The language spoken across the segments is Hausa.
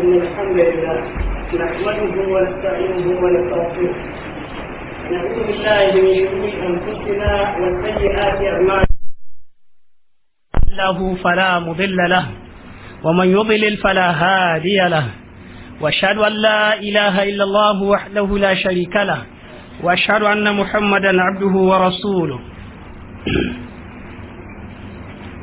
إن الحمد لله نحمده ونستعينه ونستغفره نعوذ بالله من شرور أنفسنا وسيئات أعمالنا له فلا مضل له ومن يضلل فلا هادي له واشهد ان لا اله الا الله وحده لا شريك له واشهد ان محمدا عبده ورسوله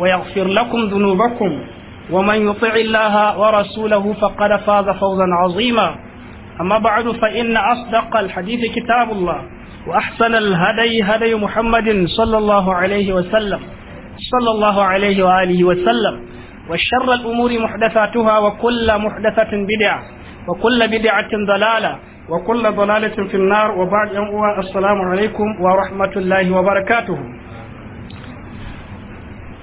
ويغفر لكم ذنوبكم ومن يطع الله ورسوله فقد فاز فوزا عظيما أما بعد فإن أصدق الحديث كتاب الله وأحسن الهدي هدي محمد صلى الله عليه وسلم صلى الله عليه وآله وسلم وشر الأمور محدثاتها وكل محدثة بدعة وكل بدعة ضلالة وكل ضلالة في النار وبعد السلام عليكم ورحمة الله وبركاته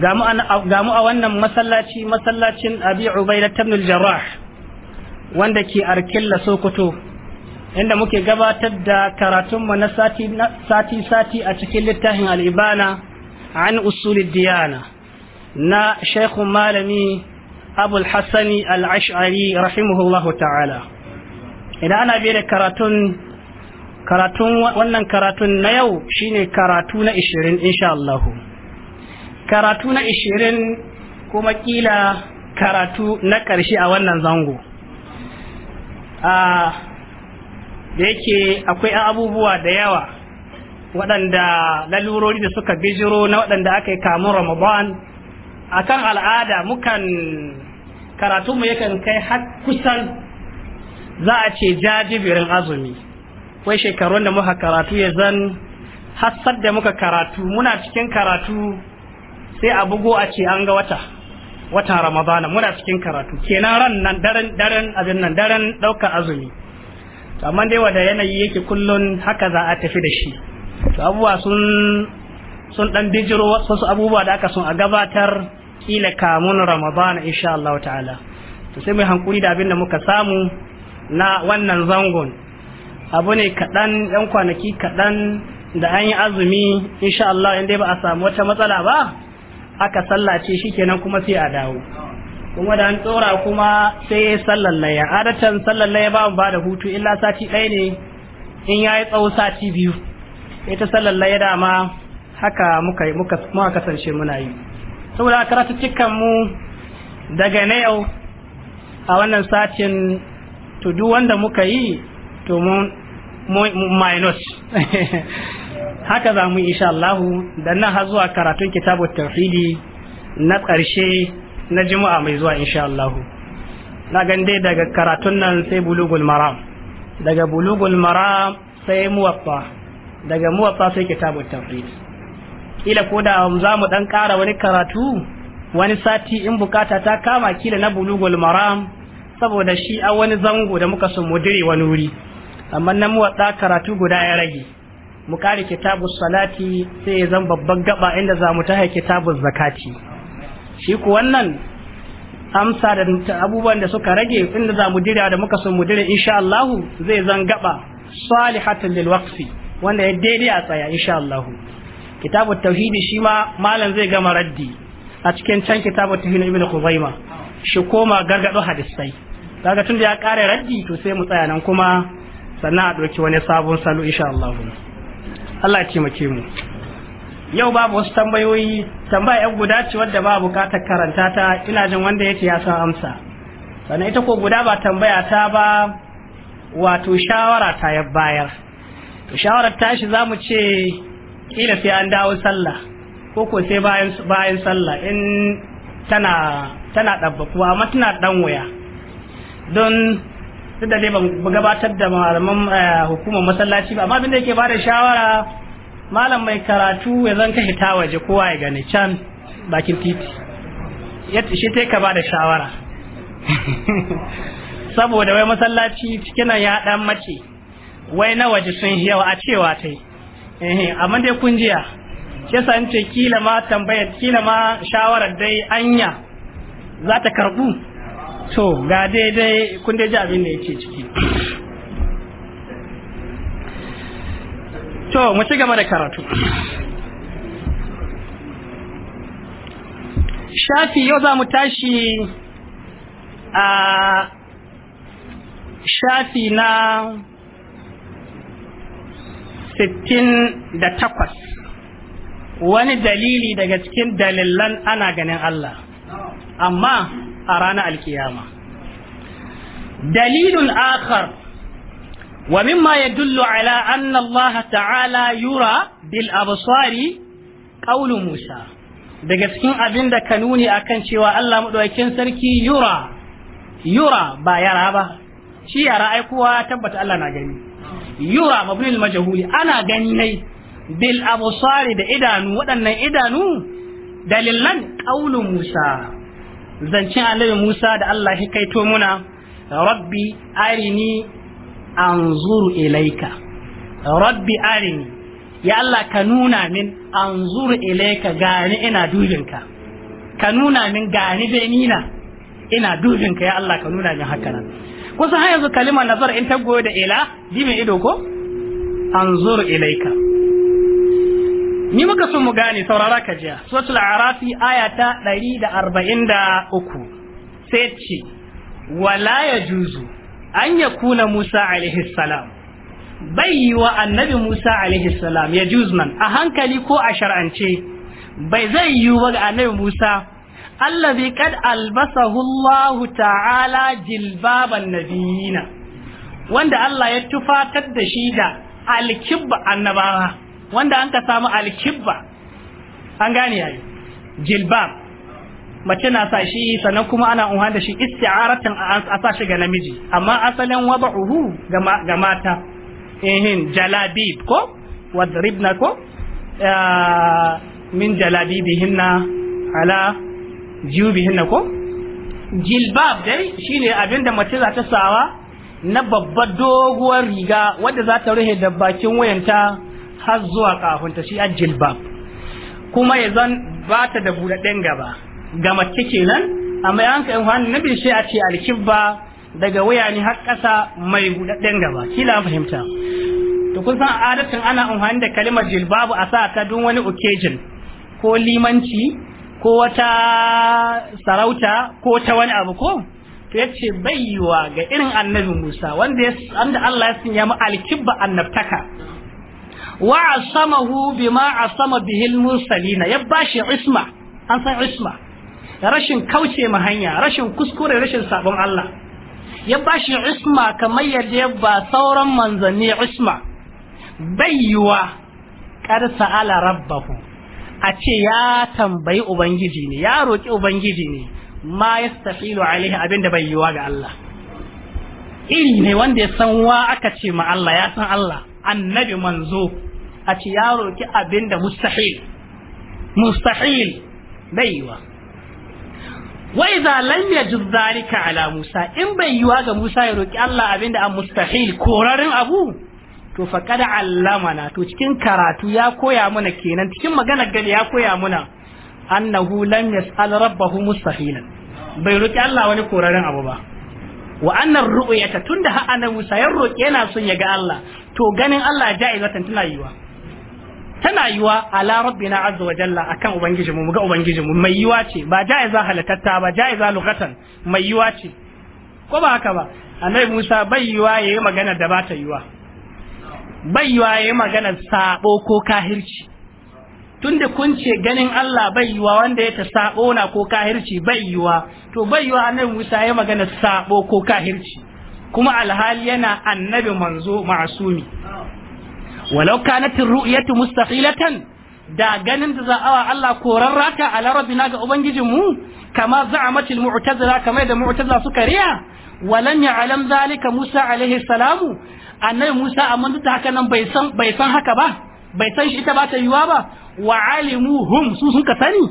ga mu a wannan masallaci masallacin abi ubaida ibn jarrah wanda ke arkilla sokoto inda muke gabatar da karatunmu na sati-sati a cikin littafin al'ibana an usulid diyana na shaikhun malami abul al ashari rahimahullahu ta'ala idan ana biye da karatun karatun wannan karatun na yau shine karatu na 20 insha Allahu karatu na ishirin kuma kila karatu na ƙarshe a wannan zango da yake akwai abubuwa da yawa waɗanda lalurori da suka bijiro na waɗanda aka yi kamun ramadan a kan al'ada mukan karatu mu yakan kai har kusan za a ce jajibirin azumi wai shekarun da muka karatu ya zan hassar da muka karatu muna cikin karatu sai a bugo a ce an ga wata watan ramadana muna cikin karatu kenan ran nan daren daren abin nan daren daukar azumi to amma dai wanda yanayi yake kullun haka za a tafi da shi to abubuwa sun sun dan bijiro wasu abubuwa da aka sun a gabatar kila kamun ramadana insha Allah ta'ala to sai mai hankuri da abin da muka samu na wannan zangon abu ne kaɗan yan kwanaki kaɗan da an yi azumi insha Allah in dai ba a samu wata matsala ba aka sallace shi kenan kuma sai a dawo kuma da an tsora kuma sai ya sallar laya adatan sallar laya ba ba da hutu illa sati ɗaya ne in ya yi tsawo sati biyu ita sallar laya dama haka muka muka muka kasance muna yi saboda cikan mu daga na yau a wannan satin to duk wanda muka yi to mun minus haka za mu insha Allah da nan har zuwa karatun kitabu tauhidi na ƙarshe na juma'a mai zuwa insha Allah na gan dai daga karatun nan sai bulugul maram daga bulugul maram sai muwaffa daga muwaffa sai kitabu tauhidi kila ko da za mu dan ƙara wani karatu wani sati in bukata ta kama kila na bulugul maram saboda shi a wani zango da muka so mu dire wani wuri amma na muwaffa karatu guda ya rage mu kare kitabu salati sai ya zan babban gaba inda za mu tahe kitabu zakati shi ku wannan amsa da abubuwan da suka rage inda za mu dira da muka son mu dira insha Allah zai zan gaba salihatul lil waqfi wanda ya daidai a tsaya insha Allah kitabu tauhidi shi ma malam zai gama raddi a cikin can kitabu tauhidi ibn Khuzaima shi koma gargado hadisai daga tun da ya kare raddi to sai mu tsaya nan kuma sannan a ɗauki wani sabon salo insha Allah Allah ya taimake mu yau babu wasu tambayoyi tambaya yan guda ce wadda ba bukatar karanta ta ina jin wanda yace ya san amsa sannan ita ko guda ba tambaya ta ba wato shawara ta ya bayar to shawarar tashi zamu ce kila sai an dawo sallah ko ko sai bayan bayan sallah in tana tana dabbakuwa amma tana dan waya don duk da dai ban gabatar da malaman eh, hukumar masallaci ba amma abin da ba bada shawara malam mai karatu ya zan ka hita waje kowa ya gane can bakin titi shi ta ka bada shawara saboda wai masallaci cikin ya dan mace wai na waje sun yawa a cewa ta yi amma dai kun jiya shi yasa ce kila ma tambayar kila ma shawarar dai anya za ta karbu to ga daidai kun dai ji abin da yake ciki to mu ci gaba da karatu shafi yau za mu tashi a shafi na sittin da takwas wani dalili daga cikin dalilan ana ganin Allah amma a ranar alkiyama dalilun akhar wa mimma yadullu ala anna ta'ala yura bil abusari qawlu Musa daga cikin abin da ka nuni akan cewa Allah madaukakin sarki yura yura ba yara ba shi yara ai tabbata Allah na gani yura mabnil majhuli ana gani nai bil abusari da idanu waɗannan idanu dalilan qaulu Musa zancen annabi Musa da Allah ya kaito muna rabbi arini anzuru ilaika rabbi arini ya Allah ka nuna min anzuru ilaika gani ina dubinka ka nuna min gani dai nina ina dubinka ya Allah ka nuna min haka nan kusa har yanzu kalimar nazar in ta goye da ila jimin ido ko anzuru ilaika ni muka so mu gane saurara ka jiya suratul arafi aya ta 143 sai ce wala yajuzu an yakuna musa alaihi salam bai yi wa annabi musa alaihi salam ya nan. a hankali ko a shar'ance bai zai yi wa ga annabi musa allazi kad albasahu allah ta'ala jilbaban nabiyina wanda allah ya tufatar da shi da alkibba annabawa wanda an ka samu alkibba an gane yayi jilbab mace na sa shi sannan kuma ana unha da shi isti'aratan a sa shi ga namiji amma asalin wada'uhu ga mata ehin jalabib ko wadribna ko min jalabibihinna ala jubihinna ko jilbab dai shine abinda mace za ta sawa na babbar doguwar riga wadda za ta rufe da bakin wayanta har zuwa ta shi jilbab kuma ya zan ba ta da buɗaɗɗen gaba ga mace kenan amma hanka yin wani nabi sai a ce alkibba daga waya ne har ƙasa mai buɗaɗɗen gaba kila fahimta to kun san adatin ana amfani da kalimar jilbabu a sa ta don wani occasion ko limanci ko wata sarauta ko ta wani abu ko to yace bayyuwa ga irin annabi Musa wanda ya Allah ya sanya mu alkibba annabtaka wa asamahu bima asama bihil mursalina ya bashi isma an san isma rashin kauce ma hanya rashin kuskure rashin sabon Allah ya bashi isma kamar yadda ya ba sauran manzanni isma bayyuwa kar ala rabbahu a ce ya tambayi ubangiji ne ya roki ubangiji ne ma yastahilu alaihi abinda bai ga Allah iri ne wanda ya san wa aka ce ma Allah ya san Allah annabi manzo a ci ya roki abin da mustahil mustahil baiwa wa idza lam zalika ala musa in bai yiwa ga musa ya roki Allah abinda da an mustahil korarin abu to faqad allamana to cikin karatu ya koya mana kenan cikin magana gani ya koya mana annahu lam yas'al rabbahu mustahilan bai roki Allah wani korarin abu ba wa annar ru'yata tunda har annabi Musa ya roke yana son ya ga Allah to ganin Allah ja'izatan tana yiwa tana yiwa ala rabbina azza wa jalla akan ubangiji mu ga ubangiji mu mai yiwa ce ba ja'iza halatatta ba ja'iza lugatan mai yiwa ce ko ba haka ba annabi Musa bai yiwa yayi magana da ba ta yiwa bai yiwa yayi magana sabo ko kahirci tunda kun ce ganin Allah bai yiwa wanda ya ta sabo na ko kahirci bai yiwa to bai yiwa annabi Musa ya magana sabo ko kahirci kuma alhali yana annabi manzo ma'asumi walau kanat ru'yatu mustaqilatan da ganin da za awa Allah korarraka ala rabbina ga ubangijin mu kama za mu'tazila kama da mu'tazila suka riya walam ya'lam zalika Musa alaihi salamu annabi Musa amma duk haka nan bai san bai san haka ba bai san shi ita ba ta yiwa ba wa alimuhum su ka sani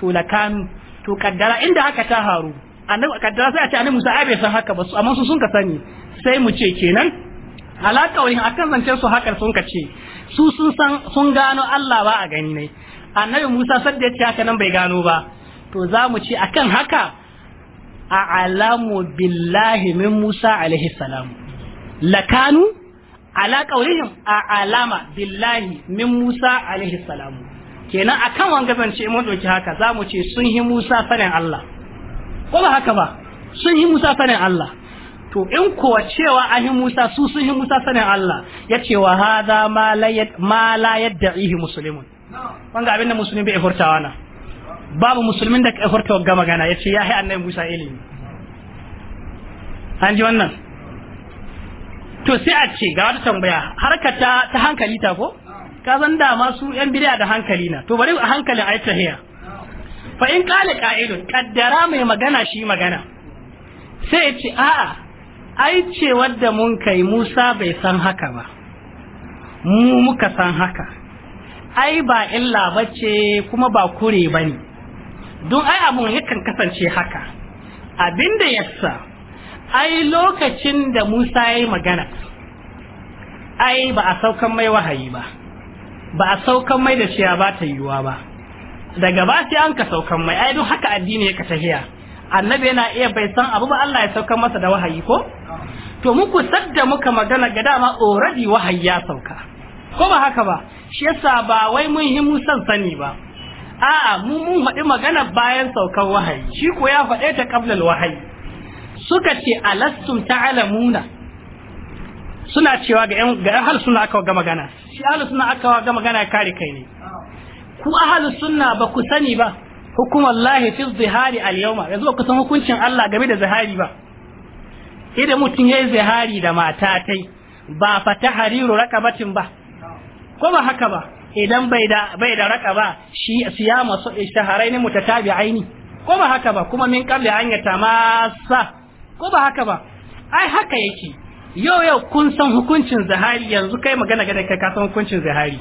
to lakanu to kaddara inda haka ta haru annabi kaddara sai a ce annabi Musa ai bai san haka ba amma su sun ka sani sai mu ce kenan alaka wani akan zancen su haka sun ka ce su sun san sun gano Allah ba a gani ne annabi Musa sadda ya ce haka nan bai gano ba to za mu ce akan haka a alamu billahi min Musa alaihi salam lakanu ala qaulihim a alama billahi min Musa alaihi salamu kenan akan wanga ce mun doki haka za mu ce sun hi Musa sanin Allah ko ba haka ba sun hi Musa sanin Allah to in ko cewa an hi Musa su sun hi Musa sanin Allah ya ce wa hadha ma la yad muslimun wanga abinda musulmi bai furtawa na babu musulmin da ka furta ga magana ce ya hi annabi Musa ilimi an ji wannan to sai a ce ga wata tambaya harkar ta ta hankali ta ko ka san dama su yan bid'a da hankali na to bari a hankalin ayi tahiya fa in kale qa'ilun qaddara mai magana shi magana sai ya ce a'a ai ce wanda mun kai Musa bai san haka ba mu muka san haka ai ba illa bace kuma ba kure bane don ai abun yakan kasance haka abinda yasa ai lokacin da Musa ya yi magana ai ba a saukan mai wahayi ba ba a saukan mai da ciya ba ta yiwuwa ba daga ba sai an ka saukan mai ai duk haka addini ya ka tahiya annabi yana iya bai san abu ba Allah ya saukan masa da wahayi ko to muku sadda muka magana ga dama already wahayi ya sauka ko ba haka ba shi yasa ba wai mun yi musan sani ba a'a mu mun faɗi magana bayan saukan wahayi shi ko ya faɗe ta qablal wahayi suka ce alastum ta'lamuna suna cewa ga yan ga ahlus sunna aka ga magana shi ahlus sunna aka ga magana kare kai ne ku ahlus sunna ba ku sani ba hukumallahi fi zihari al-yawma yanzu ba ku san hukuncin Allah game da zihari ba idan mutum yayi zihari da mata tai ba fa hariru rakabatin ba ko ba haka ba idan bai da bai da rakaba shi siyama su ishtaharain mutatabi'aini ko ba haka ba kuma min qabli an masa? ko ba haka ba ai haka yake yau yau kun san hukuncin zahari yanzu kai magana ga kai ka san hukuncin zahari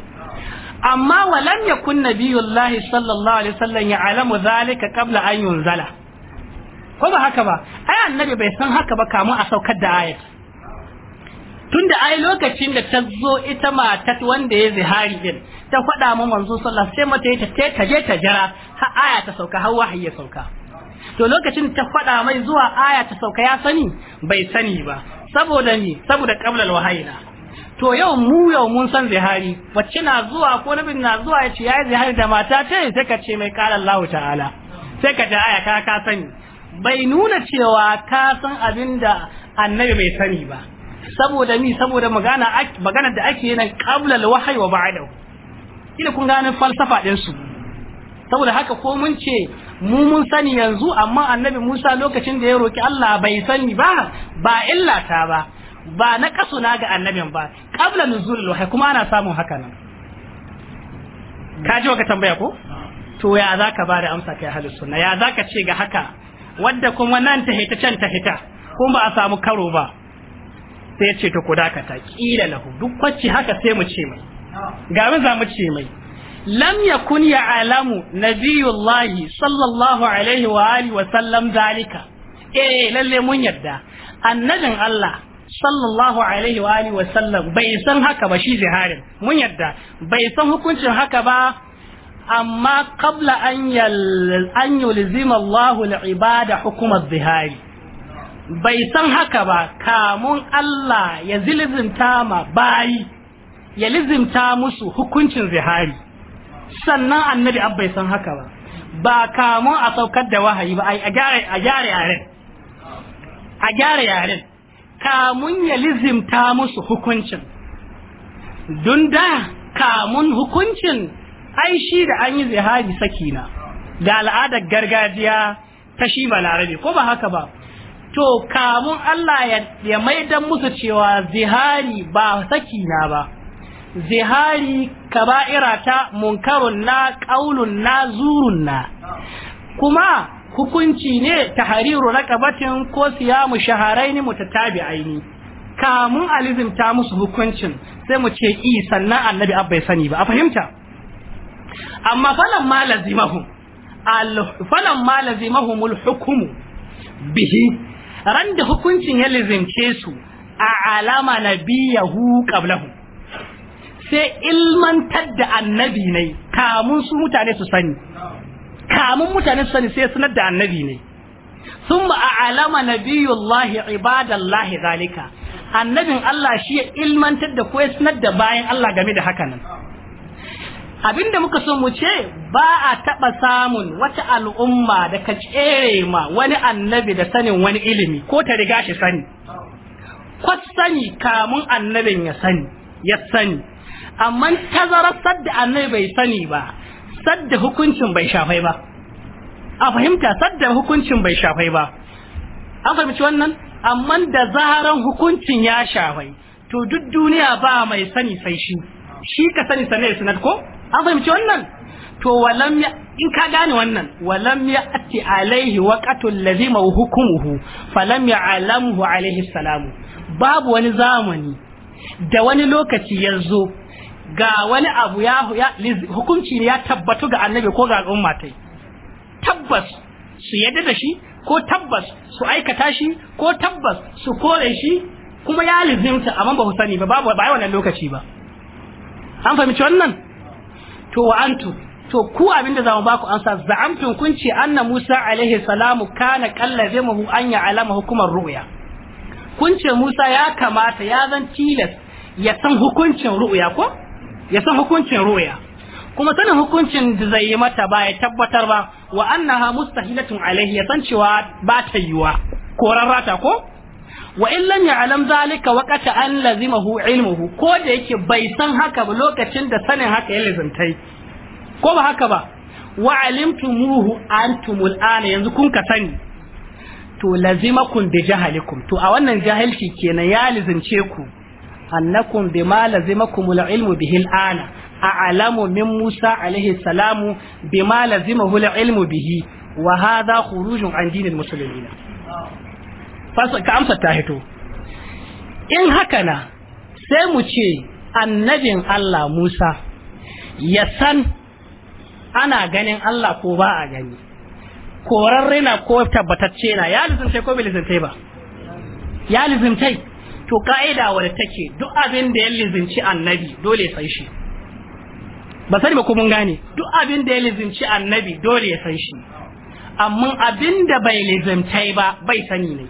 amma walam yakun nabiyullahi sallallahu alaihi wasallam ya'lamu zalika qabla an yunzala ko ba haka ba ai annabi bai san haka ba kamun a saukar da ayat tunda ai lokacin da ta zo ita matat wanda ya zihari din ta faɗa mu manzo sallallahu alaihi wasallam sai mata ta ta je ta jira har aya ta sauka har wahayi ya sauka to lokacin ta faɗa mai zuwa aya ta sauka ya sani bai sani ba saboda ni saboda qablal wahayina to yau mu yau mun san zihari wacce na zuwa ko nabin na zuwa ya ce ya yi zihari da mata ta sai ka ce mai ƙarar lahu ta'ala sai ka ta aya ka ka sani bai nuna cewa ka san abin annabi bai sani ba saboda ni saboda magana da ake nan qablal wahyi wa ba'dahu kila kun gane falsafa din su saboda haka ko mun ce mu mun sani yanzu amma annabi Musa lokacin da ya roki Allah bai sani ba ba illata ba ba na kaso na ga annabin ba qabla nuzulul wahyi kuma ana samun haka nan ka ji waka tambaya ko to ya zaka ba da amsa kai halu sunna ya zaka ce ga haka wadda kuma nan ta hita can ta hita ko ba a samu karo ba sai ya ce to ku dakata kila lahu duk kwacce haka sai mu ce mai ga mun za mu ce mai lam yakun ya'lamu nabiyullahi sallallahu alaihi wa alihi wa sallam zalika eh lalle mun yadda annabin Allah sallallahu alaihi wa wa sallam bai san haka ba shi ziharin mun yadda bai san hukuncin haka ba amma kabla an yal an yulzima Allahu al-ibada hukumar zihari bai san haka ba kamun Allah ya lizimta musu hukuncin zihari sannan annabi abba san haka ba ba kamu a saukar da wahayi ba a gyara yaren a gyara yaren kamun ya lizimta musu hukuncin don da kamun hukuncin ai shi da an yi zihari sakina da al'adar gargajiya ta shi balarabe ko ba haka ba to kamun Allah ya maidan musu cewa zihari ba sakina ba zihari kaba'ira ta munkarun na ƙaulun na zurun na kuma hukunci ne tahariru raqabatin ko siyamu shaharaini mutatabi'aini kamun alizimta musu hukuncin sai mu ce i sannan annabi abbai sani ba a fahimta amma falan ma lazimahu falan ma bihi randa hukuncin ya lazimce su a alama nabiyahu qablahu sai ilmantar da annabi ne kamun su mutane su sani kamun mutane su sani sai sanar da annabi ne sun ba a alama nabiyullahi ibadallahi zalika annabin Allah shi ya ilmantar da ko ya sanar da bayan Allah game da nan abinda muka so mu ce ba a taɓa samun wata al'umma da ka tsere ma wani annabi da sanin wani ilimi ko ta riga shi sani kwas sani kamun annabin ya sani ya sani amma tazarar sadda annabi bai sani ba sadda hukuncin bai shafai ba a fahimta sadda hukuncin bai shafai ba an fahimci wannan amma da zaharan hukuncin ya shafai to duk duniya ba mai sani sai shi shi ka sani sanai sunat ko an fahimci wannan to walam ya in ka gane wannan walam ya ati alaihi waqatul ladhi hukumuhu falam ya alamhu alaihi salamu babu wani zamani da wani lokaci ya zo ga wani abu ya hukunci ne ya tabbatu ga annabi ko ga al'umma tai tabbas su yadda da shi ko tabbas su aikata shi ko tabbas su kore shi kuma ya lizimta amma ba ku sani ba babu ba wannan lokaci ba an fahimci wannan to wa antu to ku abinda zamu baku ansa za'amtun kunci anna Musa alaihi salamu kana kallazimuhu an ya'lama hukumar ru'ya kunce Musa ya kamata ya zan tilas ya san hukuncin ru'ya ko ya san hukuncin ruya kuma sanin hukuncin da zai yi mata ba ya tabbatar ba wa annaha mustahilatun alaihi ya san cewa ba ta yiwa koran rata ko wa in lam ya'lam zalika waqata an lazimahu ilmuhu ko da yake bai san haka ba lokacin da sanin haka ya lazimtai ko ba haka ba wa alimtumuhu antumul ana yanzu kun ka sani to lazimakum bi jahalikum to a wannan jahilci kenan ya lazimce ku annakum bima lazimakumul ilmu bihil ana a'lamu min Musa alaihi salamu bima lazimahul ilmu bihi wa hadha khurujun an dinil muslimin fasa ka amsa ta hito in haka na sai mu ce annabin Allah Musa ya san ana ganin Allah ko ba a gani korarre ko tabbatacce na ya lizimtai ko bai lizimtai ba ya lizimtai to ka'ida wadda take duk abin da ya lizinci annabi dole ya san shi ba sani ba ko mun gane duk abin da ya lizinci annabi dole ya san shi amma abin da bai lizimtai ba bai sani ne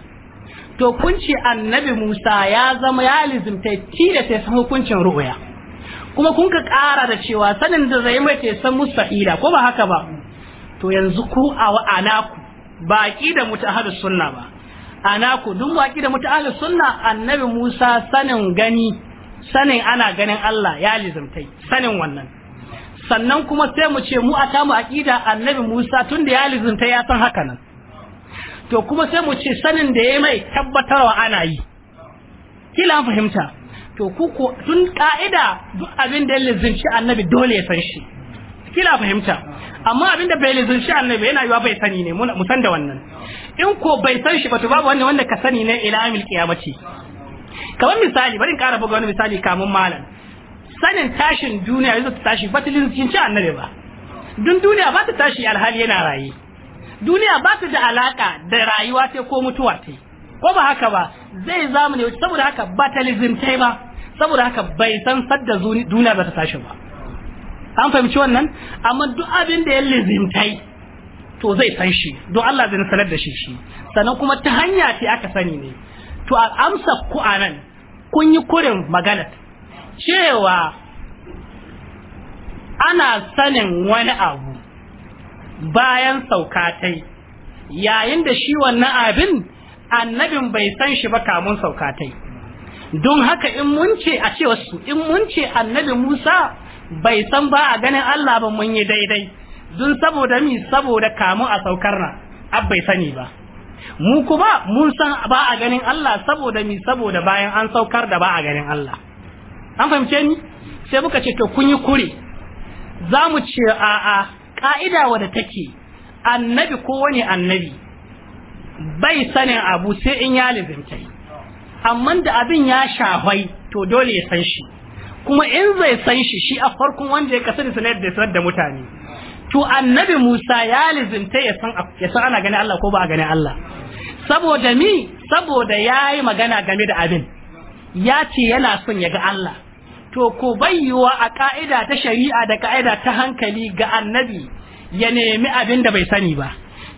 to kunci annabi Musa ya zama ya lizimtai tilasta sai san hukuncin ru'uya kuma kun ka ƙara da cewa sanin da zai mai ta san mustahila ko ba haka ba to yanzu ku a wa'ana ku baki da mutahadu sunna ba ana ku duk waki da mutu ahli sunna annabi Musa sanin gani sanin ana ganin Allah ya lizimtai sanin wannan sannan kuma sai mu ce mu a tamu aqida annabi Musa tunda ya lizimtai ya san haka nan to kuma sai mu ce sanin da yayi mai tabbatarwa ana yi kila fahimta to ku tun ka'ida duk abin da ya lizimci annabi dole ya san shi kila fahimta amma abin da bai lizimci annabi yana yiwa bai sani ne mu san da wannan in ko bai san shi ba to babu wanda wanda ka sani ne ila amil kiyamati kamar misali bari in kara buga wani misali kamun malam sanin tashin duniya yanzu ta tashi ba ta ci annabi ba dun duniya ba ta tashi alhali yana raye duniya ba ta da alaka da rayuwa sai ko mutuwa ta ko ba haka ba zai zamu ne saboda haka ba ta lizintai ba saboda haka bai san sadda duniya ba ta tashi ba an fahimci wannan amma duk abin da ya lizimtai. to zai san shi don Allah zai sanar da shi shi sannan kuma ta hanya ce aka sani ne to a amsa ku anan kun yi kurin magana cewa ana sanin wani abu bayan saukatai yayin da shi wannan abin annabin bai san shi ba kamun saukatai don haka in mun ce a ce wasu in mun ce annabi Musa bai san ba a ganin Allah ba mun yi daidai dun saboda mi saboda kamu a saukar na abbai sani ba mu kuma mun san ba a ganin Allah saboda mi saboda bayan an saukar da ba a ganin Allah an fahimce ni sai muka ce to kun yi kure za mu ce a a ka'ida wadda take annabi ko wani annabi bai sanin abu sai in ya lizimta amma da abin ya shahwai to dole ya san shi kuma in zai san shi shi a farkon wanda ya kasance sanar da sanar da mutane to annabi Musa ya lizinta ya san ana gani Allah ko ba a gani Allah saboda mi saboda yayi magana game da abin ya ce yana son ya ga Allah to ko bayyuwa a ka'ida ta shari'a da ka'ida ta hankali ga annabi ya nemi abin da bai sani ba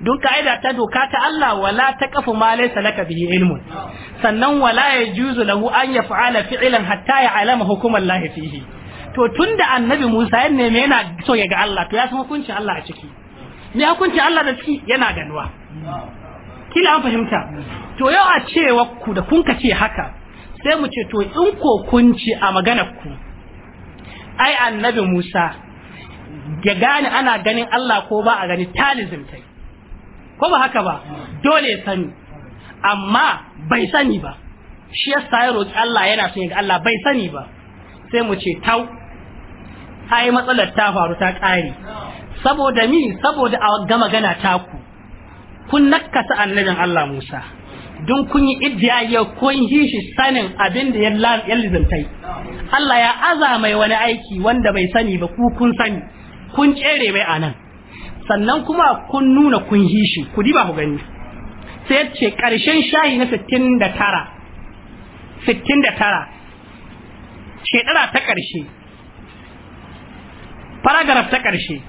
don ka'ida ta doka ta Allah wala ta kafu ma laysa laka bihi ilmun sannan wala yajuzu lahu an yaf'ala fi'lan hatta ya'lama hukumallahi fihi to tun da annabi Musa ya neme yana so ya ga Allah to ya san hukuncin Allah a ciki me hukuncin Allah da ciki yana ganuwa kila an fahimta to yau a cewa ku da kun ce haka sai mu ce to in ko kun ci a maganar ku ai annabi Musa ya gane ana ganin Allah ko ba a gani talizim tai ko ba haka ba dole sani amma bai sani ba shi yasa ya roki Allah yana son ya ga Allah bai sani ba sai mu ce tau ai matsalar ta faru ta ƙare saboda mi saboda a ga magana ku, kun nakasa annabin Allah Musa don kun yi iddiyayyar kun yi shi sanin abin da ya lizantai Allah ya aza mai wani aiki wanda bai sani ba ku kun sani kun tsere mai a nan? sannan kuma kun nuna kun yi shi ku diba ku gani sai ce ƙarshen shayi na 69 69 shekara ta ƙarshe. paragraf ta ƙarshe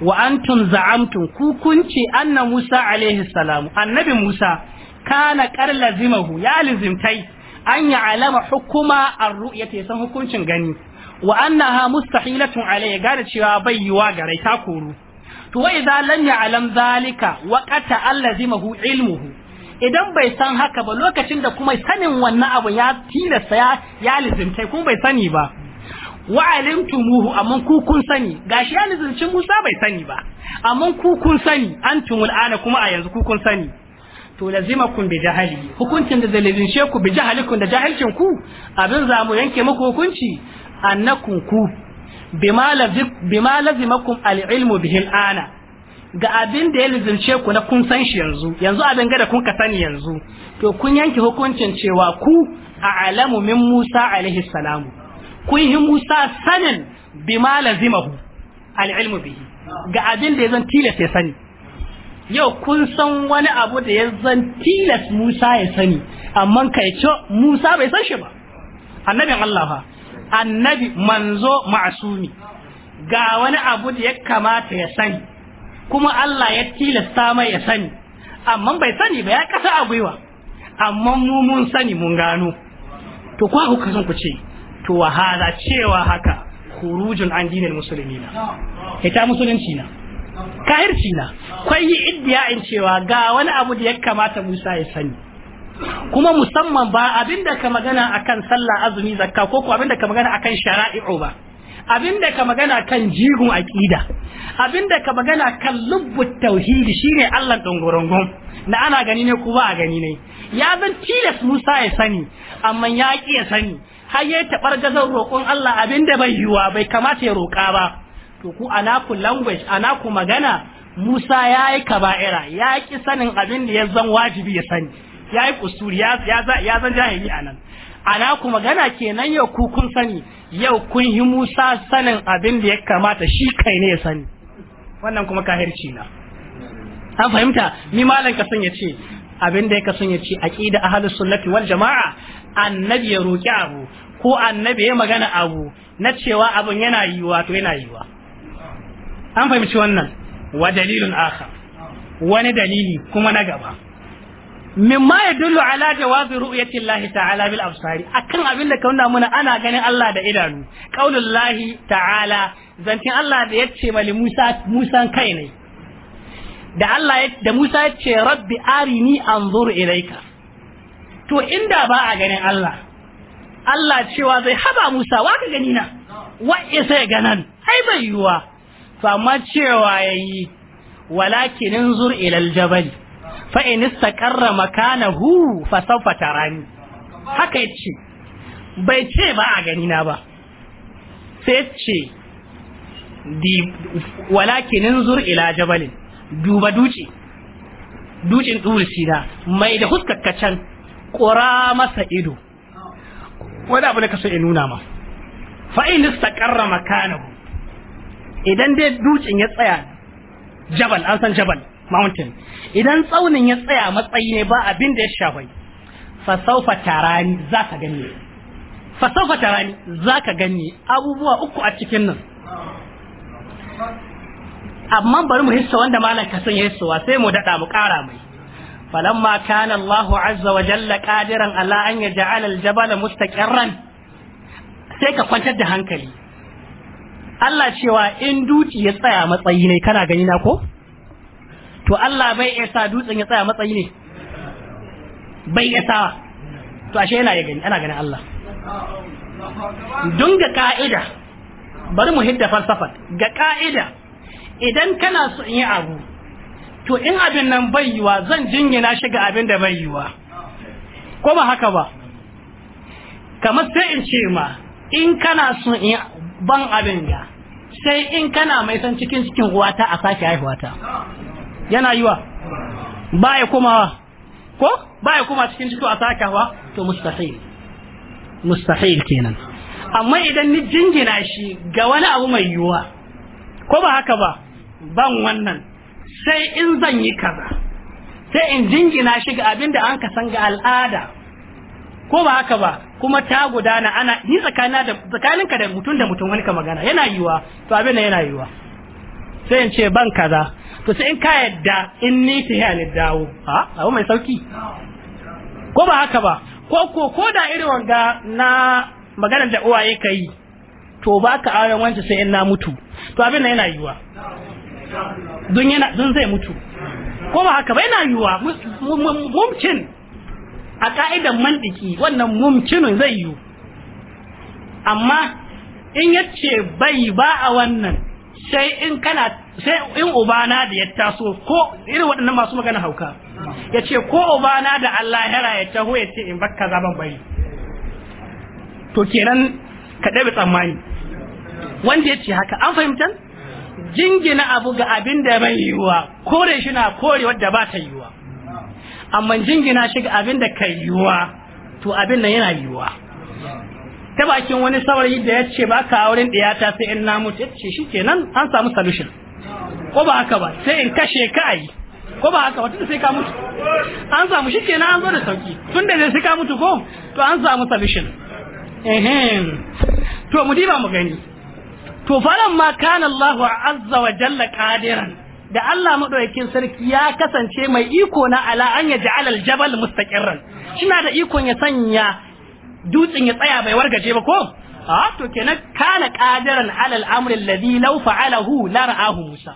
wa antum za'amtum kukunci kunce anna Musa alaihi salamu annabi Musa kana qarlazimahu ya lizimtai an ya'lama hukuma ar-ru'yati yasan hukuncin gani wa annaha mustahilatun alayhi gane cewa bai yiwa gare ta koru to wa idza lam ya'lam zalika wa qata allazimahu ilmuhu idan bai san haka ba lokacin da kuma sanin wannan abu ya tilasta ya ya lizimtai kuma bai sani ba wa alimtumuhu amma ku kun sani gashi ya nuzulci Musa bai sani ba amma ku kun sani antum ana kuma a yanzu ku kun sani to kun bi jahali hukuncin da zalizince ku bi jahalikum da jahilcin ku abin za mu yanke muku hukunci annakum ku bima kun al'ilmu bihi al'ana ga abin da ya lizince ku na kun san shi yanzu yanzu abin gada kun ka sani yanzu to kun yanke hukuncin cewa ku a alamu min Musa alaihi salamu kun yi musa sanin bima lazimahu al'ilmu bihi ga abin da ya zan tilas ya sani yau kun san wani abu da ya zan tilas musa ya sani amma kai ce musa bai san shi ba annabin allah fa annabi manzo ma'asumi ga wani abu da ya kamata ya sani kuma allah ya tilasta mai ya sani amma bai sani ba ya kasa a gwiwa amma mu mun sani mun gano to kwa kuka san ku ce to wa haza cewa haka khurujun an musulmi na. ita musulunci na kahirci na kwai in cewa ga wani abu da ya kamata Musa ya sani kuma musamman ba abinda ka magana akan sallah azumi zakka ko ko abinda ka magana akan shara'i'u ba abinda ka magana kan jigun aqida abinda ka magana kan lubbut tauhidi shine Allah dongorongon na ana gani ne ko ba a gani ne ya zan tilas Musa ya sani amma ya ki ya sani har yayi zan roƙon Allah abin da bai yiwa bai kamata ya roƙa ba to ku anaku language anaku magana Musa yayi kaba'ira ya ki sanin abin da ya zan wajibi ya sani yayi kusuri ya ya zan jahili anan anaku magana kenan yau ku kun sani yau kun yi Musa sanin abin da ya kamata shi kai ne ya sani wannan kuma kahirci na an fahimta ni malam ka san ya ce abin da ya kasan ya ce aqida ahlus sunnati wal jamaa annabi ya roki abu ko annabi ya magana abu na cewa abin yana wa to yana wa. an fahimci wannan wa dalilun aka wani dalili kuma na gaba mimma yadullu ala jawabi ru'yati Allah ta'ala bil absari akan abin da kauna muna ana ganin Allah da idanu qaulullahi ta'ala zantin Allah da yace mali Musa Musa kai ne da Allah da Musa yace rabbi arini anzur ilayka to inda ba a ganin Allah Allah cewa zai haba Musa wa ka gani na wa isa ya ganan ai bai yiwa to amma cewa yayi walakin zur ila aljabal fa in istaqarra makanahu fa sawfa tarani haka yace bai ce ba a gani na ba sai ce di walakin zur ila jabalin duba duci ducin dulsi sida mai da huskakkacan ƙura masa ido wani abu da ka so ya nuna ma fa'in istaqarra makanahu idan dai dutsen ya tsaya jabal an san jabal mountain idan tsaunin ya tsaya matsayi ne ba abin da ya shafai fa saufa tarani za ka gani fa saufa tarani za ka gani abubuwa uku a cikin nan amma bari mu hissa wanda malaka sun ya hissowa sai mu daɗa mu ƙara mai فلما كان الله عز وجل قادرا على أن يجعل الجبل مستقرا سيكا da hankali. Allah cewa in dutse ya tsaya matsayi ne kana gani na ko to Allah bai iya sa dutsen ya tsaya matsayi ne bai iya sa to ashe yana ya gani ana ganin Allah don ga ka'ida bari mu hidda falsafa ga ka'ida idan kana so in yi abu to in abin nan bai wa zan jingina shi ga abin da bai wa ko ba haka ba kamar sai in ce ma in kana son in ban abin da sai in kana mai san cikin cikin uwata a sake ta. yana yiwa baya kuma ko baya kuma cikin cikin a sake hawa to mustahil mustahil kenan amma idan ni jingina shi ga wani abu mai yiwa ko ba haka ba ban wannan sai in zan yi kaza sai in jingina shi ga abin da an ka san ga al'ada ko ba haka ba kuma ta gudana ana ni tsakanin da tsakaninka da mutum da mutum wani ka magana yana yiwa to abin nan yana yiwa sai in ce ban kaza to sai in ka yadda in ni ta ya ni dawo a abu mai sauki ko ba haka ba ko ko ko da irin wanga na maganar da uwaye ka yi to ba ka auren wancan sai in na mutu to abin nan yana yiwa don yana don zai mutu ko ba haka ba yana yiwuwa mumkin a ka'idan mantiki wannan mumkinin zai yiwu amma in yace bai ba a wannan sai in kana sai in ubana da ya taso ko irin waɗannan masu magana hauka ya ce ko ubana da Allah ya ya taho ya ce in bakka zaban bari to kenan ka ɗabi tsammani wanda ya ce haka an fahimtar. jingina abu ga abin da bai yiwuwa kore shi na kore wadda ba ta yiwuwa amma jingina shi ga abin da kai yiwuwa to abin nan yana yiwuwa ta bakin wani saurayi da ya ce ba ka auren ɗiyata sai in na mutu ce shi nan an samu solution ko ba haka ba sai in kashe ka yi? ko ba haka ba sai ka mutu an samu shi ke nan an zo da sauki tun da sai ka mutu ko to an samu solution ehem to mu diba mu gani to falan ma kana Allahu azza wa jalla qadiran da Allah madaukakin sarki ya kasance mai iko na ala an ya ja'ala al-jabal mustaqirran kina da ikon ya sanya dutsen ya tsaya bai wargaje ba ko a to kenan kana qadiran ala al-amri alladhi law fa'alahu la ra'ahu Musa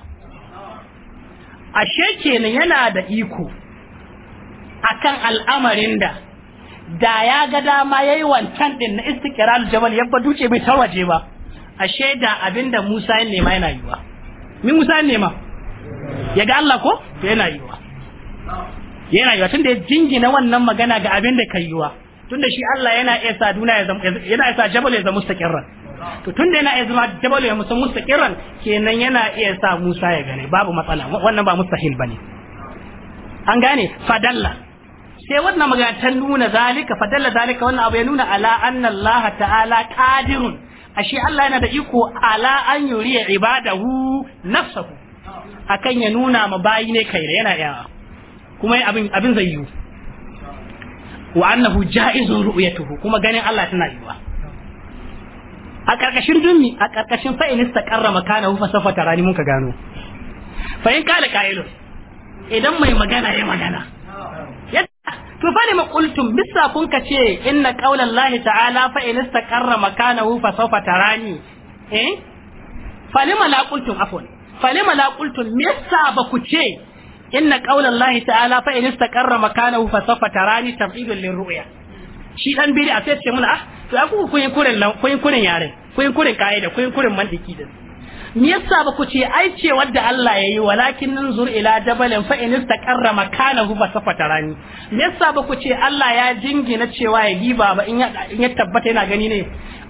ashe kenan yana da iko akan al'amarin da da ya ga dama yayi wancan din na istiqrar jabal yabba duce bai waje ba ashe da abinda Musa ya nema yana yiwa mi Musa ya nema ya ga Allah ko to yana yiwa yana yiwa tunda ya jingina wannan magana ga abinda kai yiwa tunda shi Allah yana iya sa duna ya zama yana isa jabal ya zama mustaqirran to tunda yana iya jabal ya zama mustaqirran kenan yana iya sa Musa ya gane babu matsala wannan ba mustahil bane an gane fadalla sai wannan magana ta nuna zalika fadalla zalika wannan abu ya nuna ala anna Allah ta'ala qadirun ashe Allah yana da iko ala an yuri ibadahu nafsahu akan ya nuna ma bayi ne kai yana yawa kuma abin abin zai yi wa annahu ja'izun ru'yatuhu kuma ganin Allah tana yiwa a karkashin dummi a karkashin fa in istaqarra makanahu fa sawfa tarani mun ka gano fa in kala qailu idan mai magana ya magana to fa lima qultum bisa kun ka ce inna qawlan lahi ta'ala fa in istaqarra makanahu fa sawfa tarani eh fa lima la qultum afwan falima lima la qultum bisa ba ku ce inna qawlan lahi ta'ala fa in istaqarra makanahu fa sawfa tarani tabidul lirru'ya shi dan biri a sai ce mun ah to ku kun yi kurin yare kun yi kurin kaida kun yi kurin mantiki da me yasa ba ku ce ai ce wadda Allah yayi walakin nanzur ila jabalin fa in istaqarra makanahu fa sawfa tarani me yasa ba ku ce Allah ya jingina cewa ya giba ba in ya tabbata yana gani ne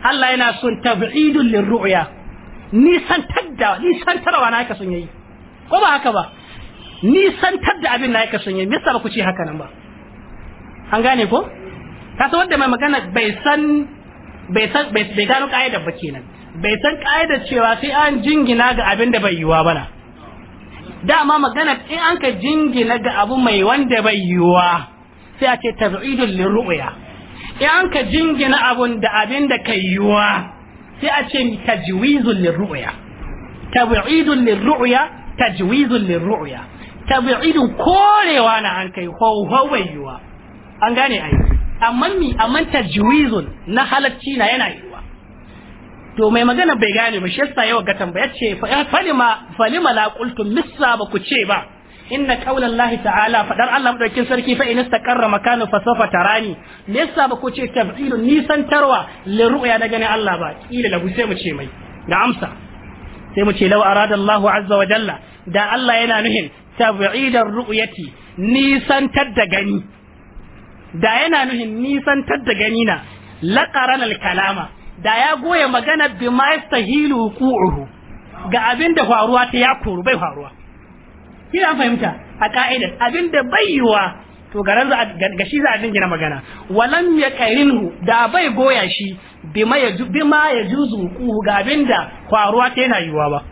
Allah yana son tab'idul lirru'ya nisan tadda nisan tarawa na yake son yayi ko ba haka ba nisan tadda abin na yake son yayi me yasa ba ku ce haka nan ba an gane ko kasa wanda mai magana bai san bai san bai gano kaidar ba kenan bai san ka'idar cewa sai an jingina ga abin da bai yiwuwa bana dama magana in an ka jingina ga abu mai wanda bai yiwuwa sai a ce taz'idul lirru'ya in an ka jingina abun da abin da kai yiwuwa sai a ce tajwizul lirru'ya tab'idul lirru'ya tajwizul lirru'ya tab'idun korewa na an kai yiwuwa. an gane ai amma mi amma tajwizun na halacci na yana yiwuwa to mai magana bai gane ba shi yasa yau ga tambayar ce falima falima la qultum missa ba ku ce ba inna qawla Allah ta'ala fadar Allah madaukin sarki fa in istaqarra makanu fa sawfa tarani missa ba ku ce tafsilun nisan tarwa li ru'ya da ganin Allah ba kila lahu mu ce mai da amsa sai mu ce law arada Allah azza wa jalla da Allah yana nuhin tab'idar ru'yati nisan tadda gani da yana nuhin nisan tadda gani na laqaran al-kalama da ya goya magana bi ma yastahilu ku'uhu ga abin da faruwa ta ya koru bai faruwa kina fahimta a ka'idar abin da bai yiwa to garan za ga shi za a dinga magana walam ya karinhu da bai goya shi bima ya ma ya juzu ku ga abin da faruwa ta yana yiwa ba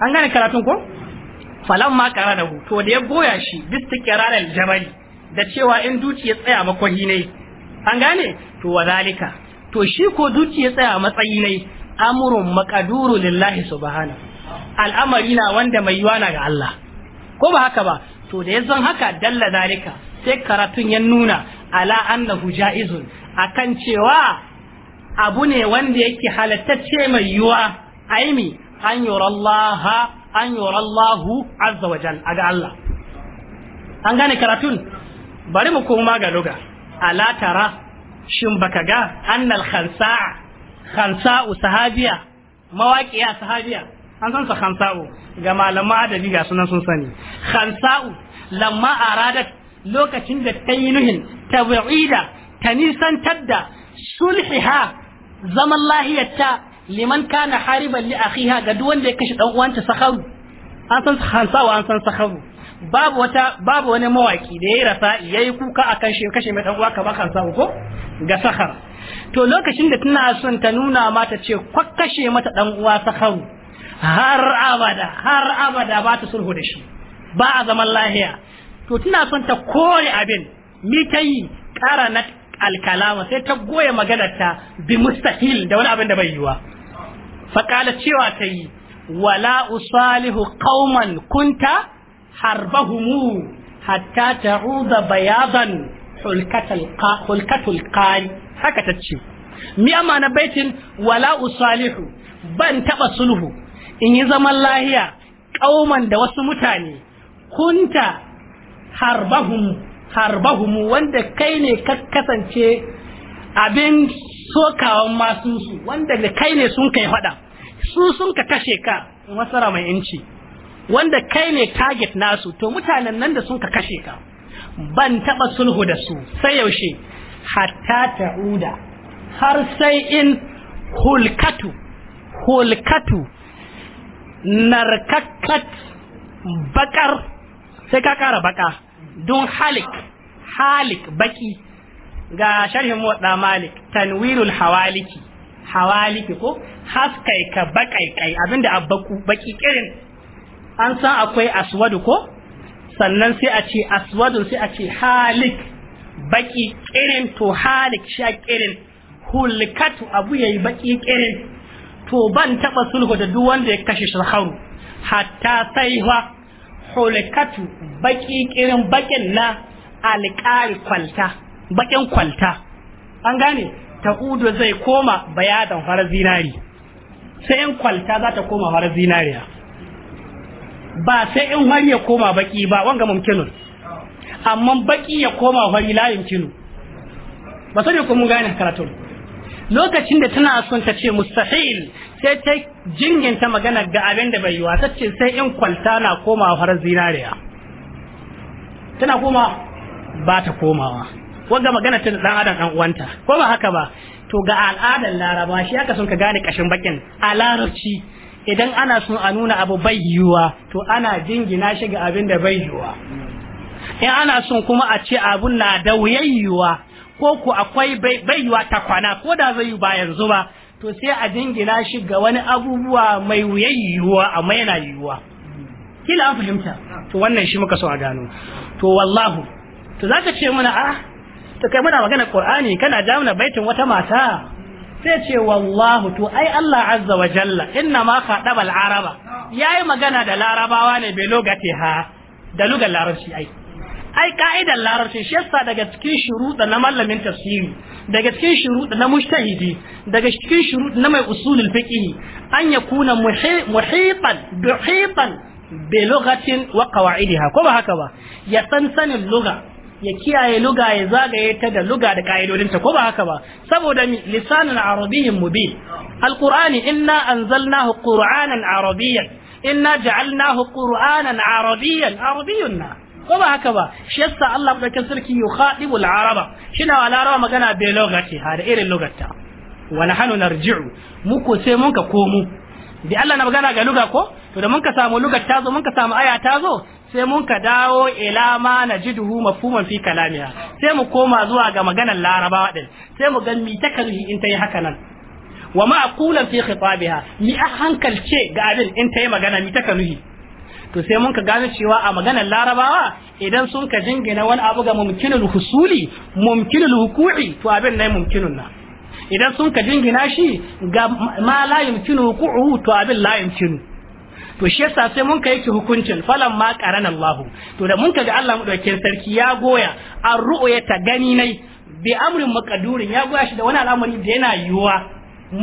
an gane karatun ko falamma qaranahu to da ya goya shi bistiqraral jabali da cewa in duci ya tsaya makwahi ne an gane to wazalika to shi ko duci ya tsaya matsayi ne amrun makaduru lillahi subhana. al'amari na wanda mai yiwa na ga Allah ko ba haka ba to da yazan haka dalla zalika sai karatun ya nuna ala annahu jaizun akan cewa abu ne wanda yake halattacce mai yiwa aimi an yura Allah an yura Allah azza wa aga Allah an gane karatun bari mu koma ga luga ala tara shin baka ga annal khansa'a khansa'u sahabiya mawaƙiya sahabiya an san sa khansa'u ga malama adabi ga sunan sun sani khansa'u lamma aradat lokacin da ta yi nuhin ta tabi'ida ta nisantar da sulhiha zaman lahiyarta liman kana hariban li akhiha ga duk wanda ya kashe dan uwanta sakaru an san khansa'u an san sakaru babu wata babu wani mawaki da yayi rasa yayi kuka akan shi kashe mai dan uwa kamar ko ga sahar to lokacin da tana son ta nuna mata ce kwak kashe mata dan uwa sahar har abada har abada ba ta sulhu da shi ba a zaman lahiya to tana son ta kore abin mi ta yi kara na alkalama sai ta goya maganar ta bi mustahil da wani abin da bai yiwa fa cewa ta yi wala usalihu qauman kunta harbahumu hatta ta'uda bayadan hulkatul qani haka ce, mi amana baitin wala usalihu ban taba sulhu in yi zaman lahiya kauman da wasu mutane kunta harbahum harbahum wanda kai ne ka kasance abin sokawan masu su wanda kai ne sun kai fada su sun ka kashe ka masara mai inci wanda kai ne target nasu to mutanen nan da sun ka kashe ka ban taba sulhu da su sai yaushe hatta ta'uda har sai in hulkatu hulkatu narkakkat bakar sai ka kara baka don halik halik baki ga sharhin motsa malik tanwirul hawaliki hawaliki ko haskai ka bakai kai abinda abbaku baki kirin an san akwai aswadu ko sannan sai a ce aswadun sai a ce halik baki kirin to halik sha kirin hulikatu abu ya yi baki kirin to ban taba sulhu da duk wanda ya kashe shaharu hatta sai wa hulikatu baki kirin bakin na alƙari kwalta bakin kwalta an gane ta udo zai koma bayadan farar zinari sai in kwalta za ta koma farar zinariya ba sai in hari ya koma baki ba wanga mumkinun amma baki ya koma hari la yumkinu ba sai ko mun gane karatun lokacin da tana son ta ce mustahil sai ta jinginta magana ga abin da bai wa ta ce sai in kwalta na koma har zinariya tana koma ba ta komawa wanga magana ta dan adam dan uwanta ko ba haka ba to ga al'adar laraba shi aka son ka gane kashin bakin a larabci idan ana so a nuna abu bai yiwuwa to ana jingina shi ga abin da bai yiwuwa in ana son kuma a ce abu na da wuyayyuwa ko ku akwai bai yiwuwa ta kwana ko da zai yi ba yanzu ba to sai a jingina shi ga wani abubuwa mai wuyayyuwa amma yana yiwuwa kila an fahimta to wannan shi muka so a gano to wallahu to zaka ce mana a ah, to kai muna magana qur'ani kana ja mana baitin wata mata sai ce wallahu to ai Allah azza wa jalla inna ma khadaba al-araba yayi magana da larabawa ne bai logate ha da lugar larabci ai ai ka'idar larabci shi yasa daga cikin shuruɗa na mallamin tafsiri daga cikin shuruɗa na mujtahidi daga cikin shuruɗa na mai usulul fiqh an yakuna muhitan duhitan bi lughatin wa qawaidiha ko ba haka ba ya san sanin lugha ya kiyaye luga ya zagaye ta da luga da ka'idodinta ko ba haka ba saboda lisanin arabiyyin mubin alqur'ani inna anzalnahu qur'anan arabiyyan inna ja'alnahu qur'anan arabiyyan arabiyyun ko ba haka ba shi yasa Allah madaukakin sarki yukhadibu al-araba shina wa laraba magana bai lokaci ha da irin lugarta wa nahnu narji'u muku ko sai mun ka komo bi Allah na magana ga luga ko to da mun ka samu lugar ta zo mun ka samu aya ta zo sai mun ka dawo ila ma najiduhu mafhuman fi kalamiha sai mu koma zuwa ga maganar larabawa din sai mu ga mi takalhi in ta yi haka nan wa ma'qulan fi khitabiha mi a hankalce ga abin in ta yi magana mi takalhi to sai mun ka gano cewa a maganar larabawa idan sun ka jingina wani abu ga mumkinul husuli mumkinul huku'i to abin nan mumkinun na idan sun ka jingina shi ga ma la yumkinu huku'u to abin la yumkinu to shi yasa sai mun kai ki hukuncin falan ma qarana Allah to da mun kaga Allah mu dauke sarki ya goya an ru'ya ta gani nai bi amrin maqdurin ya goya shi da wani al'amari da yana yiwuwa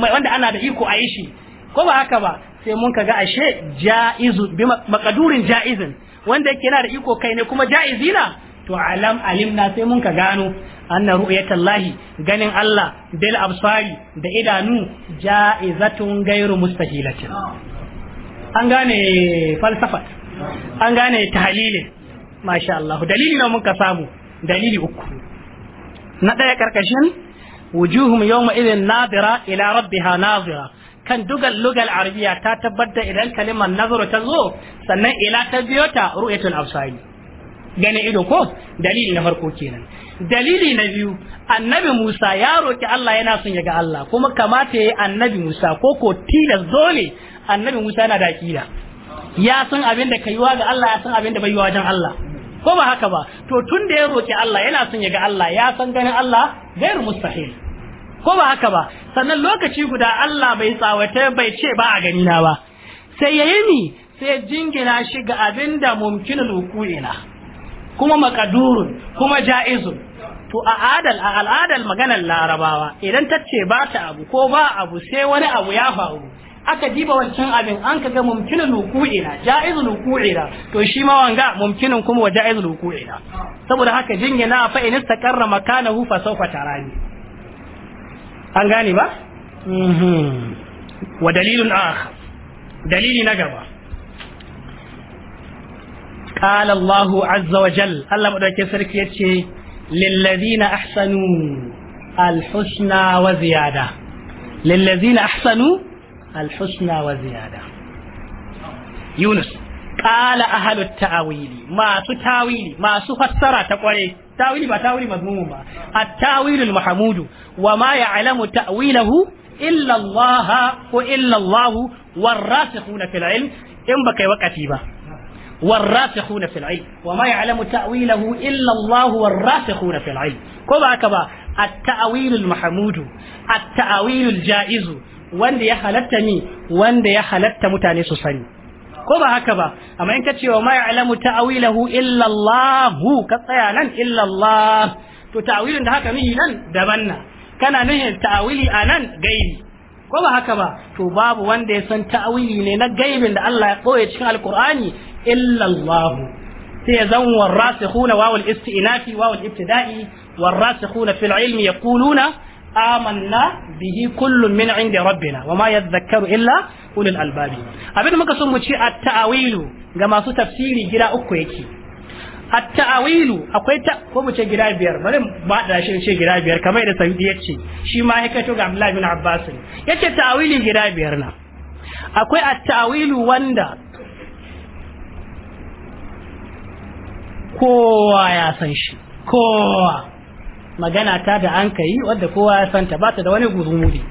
wanda ana da iko a yi shi ko ba haka ba sai mun kaga ashe ja'izu bi maqdurin ja'izin wanda yake yana da iko kai ne kuma ja'izina to alam alimna sai mun ka gano anna ru'yatallahi ganin Allah bil absari da idanu ja'izatun ghairu mustahilatin an gane falsafa an gane tahlilin masha Allah dalili na muka samu dalili uku na ɗaya karkashin wujuhum yawma idin nadira ila rabbiha nazira kan dugal lugal arabiya ta tabbata idan kalimar nazaru ta zo sannan ila ta biyo ta ru'yatul absari gane ido ko dalili na farko kenan dalili na biyu annabi Musa ya roki Allah yana son ya ga Allah kuma kamata yayi annabi Musa ko ko tilas dole annabi Musa yana da aqida ya san abin da kaiwa ga Allah ya san abin da bai wa wajen Allah ko ba haka ba to tun da ya roki Allah yana son ya ga Allah ya san ganin Allah gair mustahil ko ba haka ba sannan lokaci guda Allah bai tsawata bai ce ba a gani na ba sai yayi ni sai jingina shi ga abin da mumkinul wuqu'ina kuma makadurun kuma ja'izun to a adal a al'adal maganar larabawa idan ta ce ba ta abu ko ba abu sai wani abu ya faru aka diba wancan abin an kaga mumkinin wuku'ina ja'izul wuku'ina to shi ma wanga mumkinin kuma wa ja'izul wuku'ina saboda haka jingina fa in istaqarra makanahu fa sawfa tarani an gane ba mhm. wa dalilun akhar dalili na gaba qala Allahu azza wa jal Allah madaukakin sarki yace lil ladina ahsanu al husna wa ziyada lil ladina ahsanu الحسنى وزيادة يونس قال أهل التأويل ما تتاويل ما سفسر تقولي تاويل ما تاويل مذموم ما التاويل المحمود وما يعلم تأويله إلا الله وإلا الله والراسخون في العلم إن بكي وقتي با والراسخون في العلم وما يعلم تأويله إلا الله والراسخون في العلم كما كما التأويل المحمود التأويل الجائز wanda ya halatta ni wanda ya halatta mutane su sani ko ba haka ba amma in ka ce wa ma ya'lamu illa Allah ka tsaya nan illa Allah to ta'awilin da haka mihi nan daban na kana nuhin ta'awili a nan gaibi ko ba haka ba to babu wanda ya san ta'awili ne na gaibin da Allah ya koya cikin alkur'ani illa Allah sai ya zan warasikhuna wawul istinafi wawul ibtida'i warasikhuna fil ilmi yaquluna amanna bihi kullum min inda rabbina wa ma yadhakkaru illa ulul albabi abin muka so mu ce at-ta'awilu ga masu tafsiri gida uku yake at-ta'awilu akwai ta ko mu ce gida biyar bari ba da shi ce gida biyar kamar da Saudi ya ce shi ma ya to ga Abdullahi bin Abbas yace ta'awili gida biyar na akwai at-ta'awilu wanda kowa ya san shi kowa magana ta da an kai wadda kowa ya santa ba ta da wani guzumuri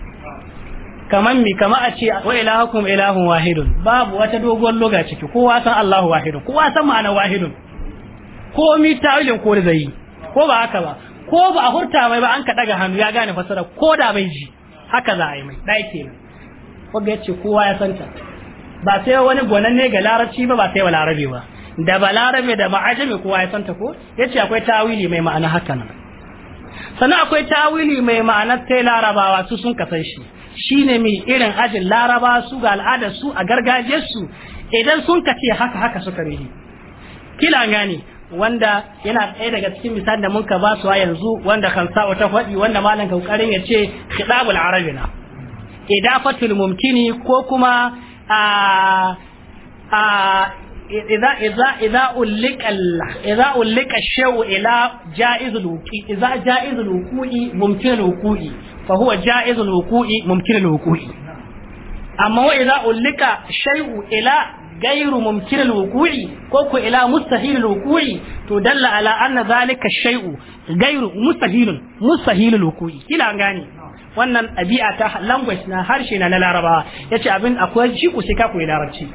kamar mi kama a ce wa ilahukum ilahun wahidun babu wata doguwar loga ciki kowa san Allahu wahidun kowa san ma'ana wahidun ko mi ta'ilin ko da zai ko ba haka ba ko ba a hurta mai ba an ka daga hannu ya gane fasara ko da bai ji haka za a yi mai dai kenan wanda ce kowa ya santa ba sai wani ne ga larabci ba ba sai wa larabe ba da balarabe da ma'ajami kowa ya santa ko yace akwai tawili mai ma'ana haka nan sannan akwai tawili mai ma'anar sai larabawa su sun kasan shi ne mai irin ajin laraba su ga al'adar su a gargajiyar su idan sun kace haka haka suka rihi kila gani wanda yana ɗaya daga cikin misalin da mun ka ba su a yanzu wanda kan sa wata faɗi wanda malam kaukarin ya ce khidabul arabina idafatul mumkini ko kuma a ah, a ah, إذا إذا إذا أُلِّقَ إذا أُلِّقَ الشيء إلى جائز الوقوع إذا جائز الوقوع ممكن الوقوع فهو جائز الوقوع ممكن الوقوع أما وإذا أُلِّقَ الشيء إلى غير ممكن الوقوع كوكو إلى مستحيل الوقوع تدل على أن ذلك الشيء غير مستحيل مستحيل الوقوع كلا أنغاني wannan ɗabi'a ta language na harshe na na larabawa ya ce abin akwai shi ku sai ka koyi larabci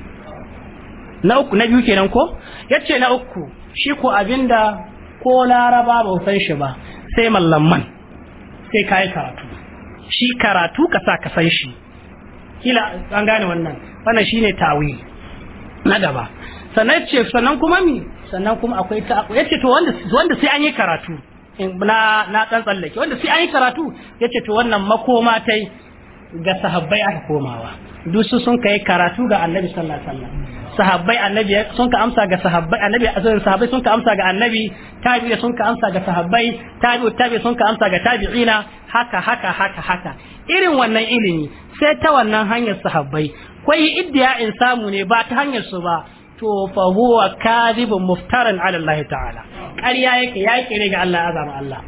na uku na biyu kenan ko yace na uku shi ko abinda ko laraba ba san shi ba sai mallamman sai kayi karatu shi karatu ka sa ka san shi kila an gane wannan wannan shine tawi na gaba sannan ce sannan kuma mi sannan kuma akwai ta yace to wanda wanda sai an yi karatu na na dan tsallake wanda sai an yi karatu yace to wannan makoma tai ga sahabbai aka komawa dusu sun kai karatu ga annabi sallallahu alaihi wasallam sahabbai annabi sun ka amsa ga sahabbai annabi eh, sahabbai sun ka amsa ga annabi tabi'i sun ka amsa ga sahabbai tabi'u tabi'i sun ka amsa ga tabi'ina haka haka haka haka irin wannan ilimi sai ta wannan hanyar sahabbai iddiya in samu ne ba ta hanyar su ba to fa huwa kadhibun muftaran ala Allah ta'ala ƙarya yake ya kire ga Allah azama Allah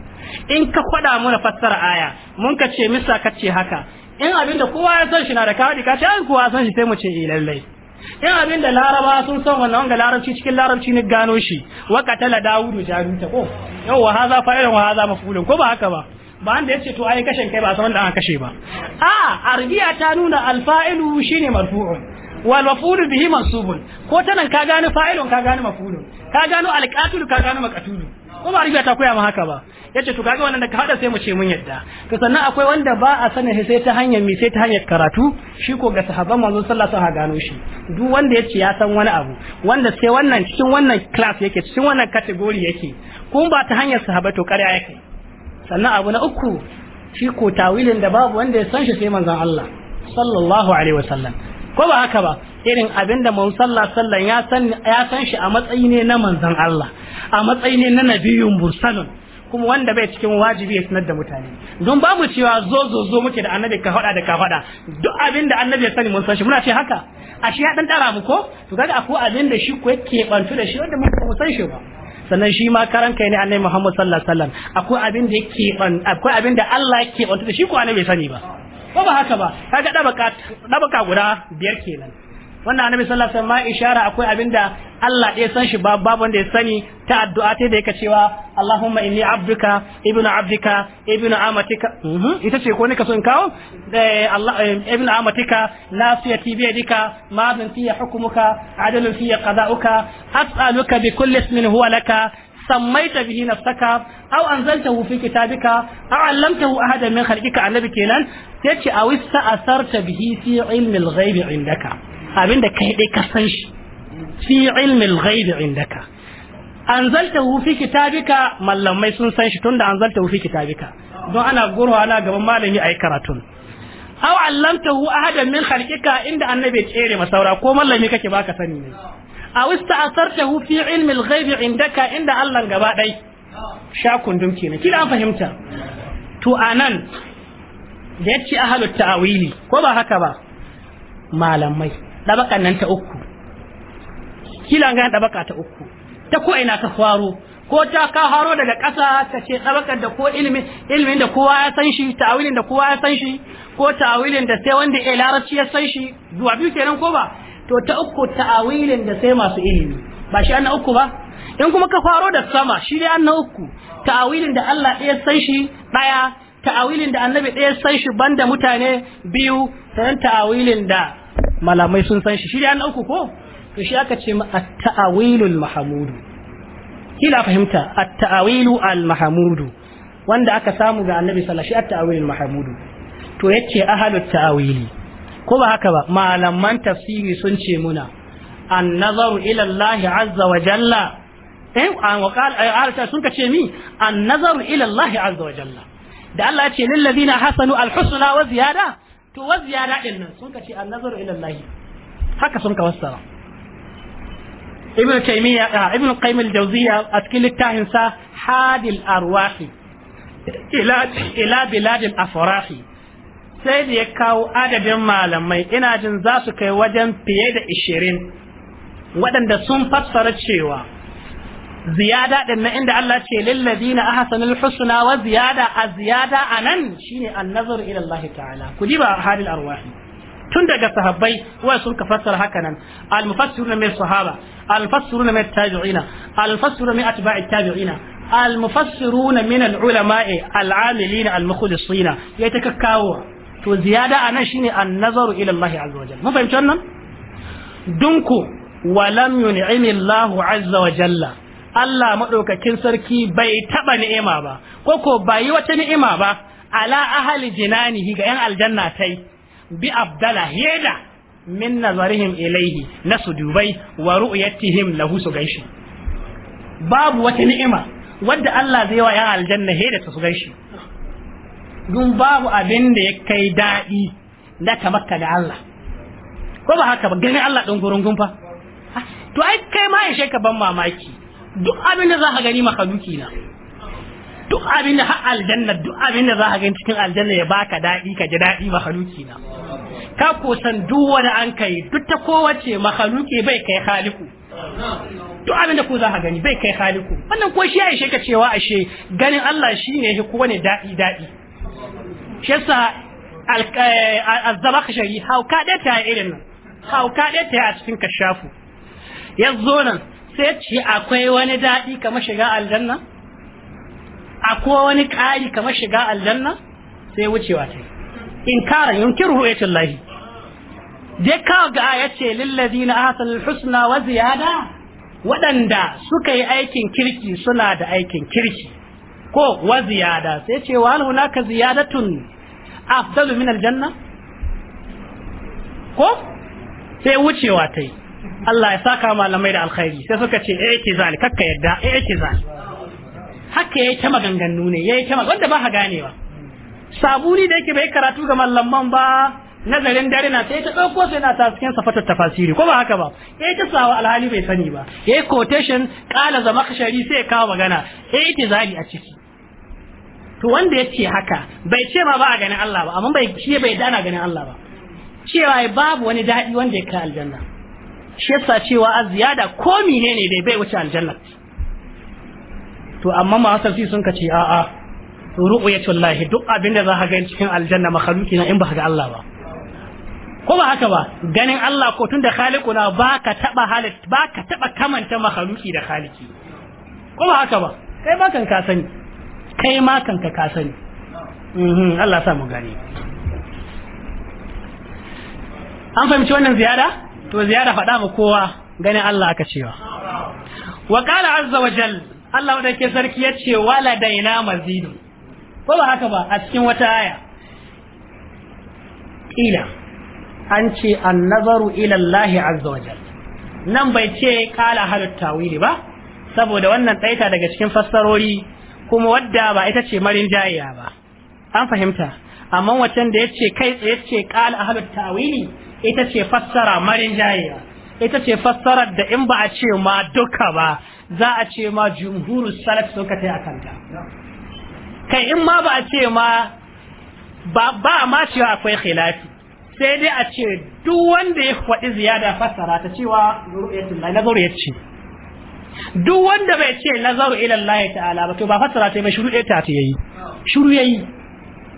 in ka kwada muna fassara aya mun ka ce misa ka ce haka in abinda kowa ya san shi na da kawai ka ce an kowa san shi sai mu ce eh lallai Yan abin da laraba sun san wannan wanga larabci cikin larabci ne gano shi wa katala dawudu jaruta ko yau wa haza fa'ilan wa haza mafulun ko ba haka ba ba an da yace to ai kashin kai ba san wanda aka kashe ba a Arbiya ta nuna alfa'ilu shine marfu'un wal mafulu bihi mansubun ko tanan ka gano fa'ilun ka gano mafulun ka gano alqatul ka gano maqtul ko ba Arbiya ta koya ma haka ba yace to kaga wannan da ka hada sai mu ce mun yadda to sannan akwai wanda ba a sanin sai ta hanyar mi sai ta hanyar karatu shi ko ga sahabban manzon sallallahu alaihi wasallam gano shi duk wanda yace ya san wani abu wanda sai wannan cikin wannan class yake cikin wannan category yake kun ba ta hanyar sahaba to ƙarya yake sannan abu na uku shi ko tawilin da babu wanda ya san shi sai manzon Allah sallallahu alaihi wasallam ko ba haka ba irin abin da mun sallah sallan ya san ya san shi a matsayi ne na manzon Allah a matsayi ne na nabiyun mursalun kuma wanda bai cikin wajibi ya sanar da mutane don ba mu cewa zo zo zo muke da annabi ka faɗa da ka faɗa duk abin da annabi ya sani mun san shi muna ce haka a shi ya dan tara mu ko to kaga akwai abin da shi ko yake bantu da shi wanda mun san shi ba sannan shi ma karan kai ne annabi Muhammad sallallahu alaihi wasallam akwai abin da yake ban akwai abin da Allah yake bantu da shi ko annabi bai sani ba ko ba haka ba kaga dabaka dabaka guda biyar kenan wannan annabi sallallahu alaihi wasallam ishara akwai abinda Allah ya san shi babu wanda ya sani ta addu'a ta da yake cewa Allahumma inni abduka ibnu abdika ibnu amatika mhm. ita ce ko ne ka so in kawo eh, Allah eh, ibnu amatika nasiyati bi yadika fiya hukmuka adalun fiya qada'uka as'aluka bi kulli ismin huwa laka سميت به نفسك أو أنزلته في كتابك أو علمته أحدا من خلقك النبي كينان تأتي أو استأثرت به في علم الغيب عندك abin da kai dai ka san shi fi ilmin ghaibi indaka An hu hufi kitabika mallamai sun san shi tunda an hu hufi kitabika don ana gurwa ana gaban malami ayi karatun aw allamtahu ahadan min khalqika inda annabi tsere masaura ko mallami kake baka sani ne aw ista'sartahu fi ilmi al-ghaibi indaka inda Allah gaba dai sha kundum kenan kila an fahimta to anan da yace ahlut ta'wili ko ba haka ba malamai ɗabakan nan ta uku kila ga ɗabaka ta uku ta ko ina ka faro ko ta ka haro daga ƙasa ta ce ɗabakar da ko ilimin ilimin da kowa ya san shi ta'awilin da kowa ya san shi ko ta'awilin da sai wanda ya larabci ya san shi zuwa biyu kenan ko ba to ta uku ta'awilin da sai masu ilimi ba shi an uku ba in kuma ka faro da sama shi dai an uku ta'awilin da Allah ɗaya san shi ɗaya ta'awilin da annabi ɗaya san shi banda mutane biyu sanan ta'awilin da malamai sun san shi shi da ko to shi aka ce at-ta'awilul mahmudu kila fahimta at-ta'awilu al-mahmudu wanda aka samu ga annabi sallallahu alaihi wasallam at-ta'awilul mahmudu to yace ahlut ta'awili ko ba haka ba malaman tafsiri sun ce muna an-nazaru ila Allah azza wa jalla eh an waqal ayata sun kace mi an-nazaru ila Allah azza wa jalla da Allah ya ce lil ladina hasanu al-husna wa ziyada to wa ziyada din nan sun ka ce an-nazaru ila Allah haka sun ka wassara ibnu taymiya ah, ibnu qayyim al-jawziyya a cikin littafin sa hadil arwahi ila ila bilad al-afrahi sai da ya kawo adadin malamai ina jin za su kai wajen fiye da 20 waɗanda sun fassara cewa ziyada din na inda Allah ce lilladina ahsanul husna wa ziyada a ziyada anan shine an-nazar ila Allah ta'ala ku ji ba halil arwahi tun daga sahabbai wa sun ka fassara haka nan al-mufassiruna min sahaba al-mufassiruna min tabi'ina al-mufassiruna min atba'i tabi'ina al-mufassiruna min al-ulama'i al-amilina al-mukhlisina ya takakkawo to ziyada anan shine an-nazar ila Allah azza wa jalla mun fahimci wannan dunku ولم ينعم الله عز وجل Allah maɗaukakin sarki bai taɓa ni'ima ba ko ko bai wata ni'ima ba ala ahli jinanihi ga yan aljanna tai bi abdala heda min nazarihim ilaihi na su dubai wa ru'yatihim lahu su gaishi. babu wata ni'ima wadda Allah zai wa yan aljanna heda su gaishi. dun babu abin da ya kai daɗi na tamakka ga Allah ko ba haka ba gani Allah ɗin gurungun fa ah, to ai kai ma ya sheka ban mamaki duk abin da za ka gani makaluki na duk abin da har aljanna duk abin da za ka gani cikin aljanna ya baka daɗi ka ji daɗi makaluki na ka kusan duk wani an kai duk ta kowace makaluki bai kai haliku duk abin da ku za ka gani bai kai haliku wannan ko shi aishe ka cewa ashe ganin Allah shi ne kowane daɗi daɗi shi yasa eh, azzabakashari hauka ɗaya ta irin nan hauka ɗaya ta a cikin kashafu ya zo nan sai ce akwai wani daɗi kamar shiga aljanna akwai wani ƙari kamar shiga aljanna sai wucewa ta in kara ya ru'atul lahi dai kawo ga ya ce na ahsanul husna wa ziyada waɗanda suka yi aikin kirki suna da aikin kirki ko wa ziyada sai ce wa hal hunaka ziyadatun afdalu min aljanna ko sai wucewa ta yi Allah ya saka malamai da alkhairi sai suka ce eh ki zali kakka yadda eh ki zali haka yayi ta maganganu ne yayi ta wanda ba ha ganewa saburi da yake bai karatu ga mallamman ba nazarin dare na sai ta dauko sai na sa safatar tafasiri ko ba haka ba eh ta sawa alhali bai sani ba yayi quotation zama kashari sai kawo magana eh ki zali a ciki to wanda yace haka bai ce ma ba a ganin Allah ba amma bai shi bai dana ganin Allah ba cewa babu wani dadi wanda ya kai aljanna shi yasa cewa a ziyada ko menene ne bai wuce aljanna to amma ma hasarci sun kace a a ru'u ya tullahi duk abin da za ka ga cikin aljanna makhluki na in ba ga Allah ba ko ba haka ba ganin Allah ko tunda khaliquna ba ka taba halit ba ka taba kamanta makhluki da khaliki ko ba haka ba kai ma kan ka sani kai ma kan ka sani mhm, Allah sa mu gane an fahimci wannan ziyara to ziyara faɗa ma kowa ganin Allah aka cewa wa qala azza wa jal Allah wanda ke sarki ya ce waladaina mazidu ko ba haka ba a cikin wata aya ila an ce nazaru ila Allah azza wa jal nan bai ce qala halut tawili ba saboda wannan tsaita daga cikin fassarori kuma wadda ba ita ce marin jayiya ba an fahimta amma wacan da yace kai tsaye ce qala ahlut tawili ita ce fassara marin jayewa ita ce fassarar da in ba a ce ma duka ba za a ce ma jumhurus salaf suka ta a kanta kai in ma ba a ce ma ba ba ma cewa akwai khilafi sai dai a ce duk wanda ya faɗi ziyada fassara ta cewa nazaru ya ce duk wanda bai ce nazaru ila Allah ta'ala ba to ba fassara ta mai shuru ɗaya ta yayi shiru yayi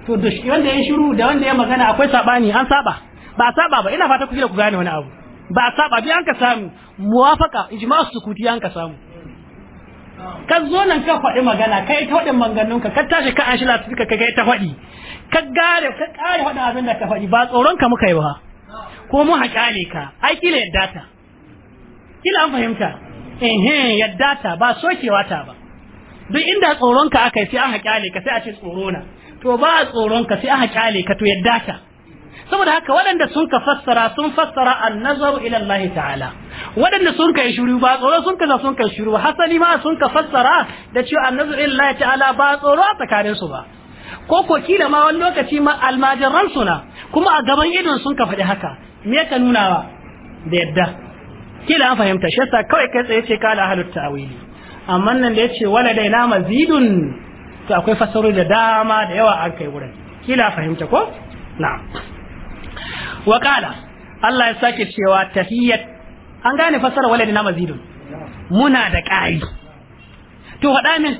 to da wanda ya shuru da wanda ya magana akwai sabani an saba ba saba ba ina fata ku ku gane wani abu ba saba bi an ka samu muwafaka su kuti an ka samu ka zo nan ka faɗi magana ka yi ta faɗin manganun ka tashi ka an shi lati ka kai ta faɗi ka gare ka ƙare faɗin abin da ka faɗi ba tsoron ka muka yi ba ko mu ne ka ai kila yadda ta kila an fahimta ehe yadda ta ba sokewa ta ba duk inda tsoron ka aka yi sai an haƙa ka sai a ce tsoro na to ba tsoron ka sai an haƙa ka to yadda ta saboda haka waɗanda sun ka fassara sun fassara an-nazaru ila Allah ta'ala waɗanda sun kai shiru ba tsoro sun kaza sun kai shiru hasali ma sun ka fassara da cewa an-nazaru ila Allah ta'ala ba tsoro a tsakanin su ba ko ko kila ma wani lokaci ma almajiran suna kuma a gaban idon sun ka faɗi haka me ka nunawa da yadda kila an fahimta shi yasa kawai kai tsaye ce kala halitta ta'wili amma nan da yace wala dai na mazidun to akwai fasarori da dama da yawa an kai wurin kila fahimta ko na'am wa kala Allah ya sake cewa tahiyyat an gane fasara na mazidun muna da ƙari to faɗa min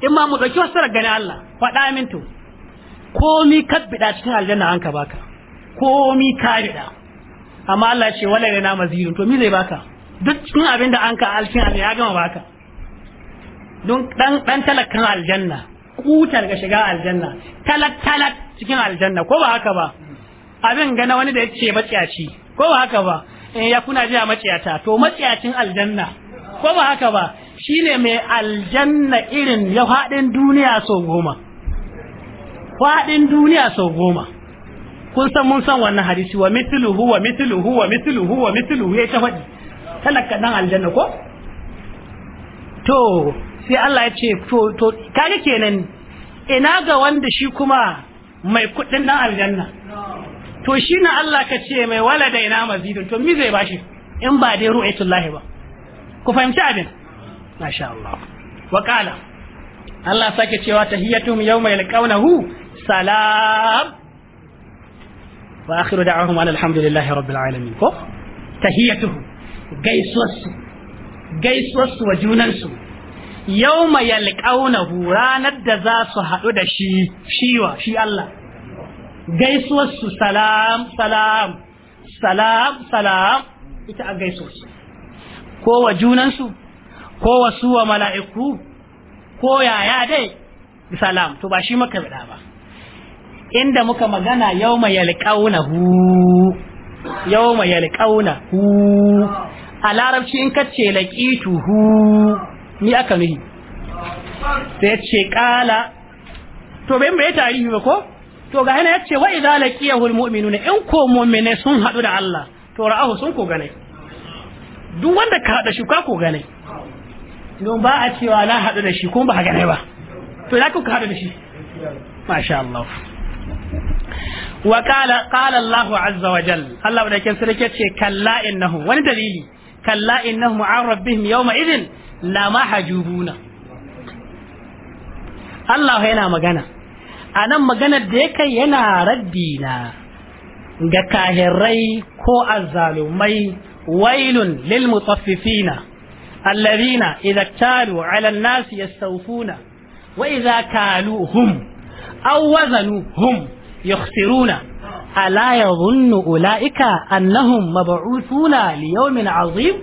in ma mu ɗauki wasu gani Allah faɗa min to komi ka biɗa cikin aljanna an ka baka komi ka biɗa amma Allah ya ce wala na mazidun to mi zai baka duk cikin abin da an ka alkin aljanna ya gama baka don dan dan talakan aljanna kutar ga shiga aljanna talat talat cikin aljanna ko ba haka ba abin gana wani da yake maciyaci ko ba haka ba in eh, ya kuna jiya maciyata to maciyacin aljanna ko ba haka ba shine mai aljanna irin ya faɗin duniya sau goma faɗin duniya sau goma kun san mun san wannan hadisi wa mithluhu wa mithluhu wa mithluhu wa mithluhu ya ta faɗi talaka dan aljanna ko to sai Allah ya ce to to kaga kenan ina ga wanda shi kuma mai kuɗin dan aljanna to shi na Allah ka ce mai walada ina mazidun to mi zai bashi in ba dai ru'aytullahi ba ku fahimci abin masha Allah wa qala Allah sake cewa tahiyatum yawma yalqawnahu salam wa akhiru da'wahum alhamdulillahi rabbil alamin ko tahiyatuhu gaisuwarsu gaisuwarsu wa junansu yawma yalqawnahu ranar da za su haɗu da shi shiwa shi Allah gaisuwar su salam salam salam salam ita a gaisuwar su ko wa junan su ko wa su wa mala'iku ko yaya dai salam to ba shi maka bida ba inda muka magana yawma yalqauna hu yawma yalqauna hu a larabci in kace laqitu hu ni aka nuhi sai ce kala to bai mai tarihi ba ko to ga yana yace wa idza laqiyahu almu'minuna in ko mu'mine sun hadu da Allah to ra'ahu sun ko gane duk wanda ka hada shi ka ko gane don ba a cewa na hadu da shi kuma ba gane ba to na ka hadu da shi masha Allah wa qala qala Allah azza wa jalla Allah da yake sarki ce kalla innahu wani dalili kalla innahum an rabbihim yawma idhin la mahjubuna Allah yana magana a nan maganar da yake yana raddi na ga kahirrai ko azzalumai wailun lil mutaffifina alladhina idza talu ala an-nasi yastawfuna wa idza kaluhum aw wazanuhum yakhsiruna ala yadhunnu ulaika annahum mab'uthuna li 'azim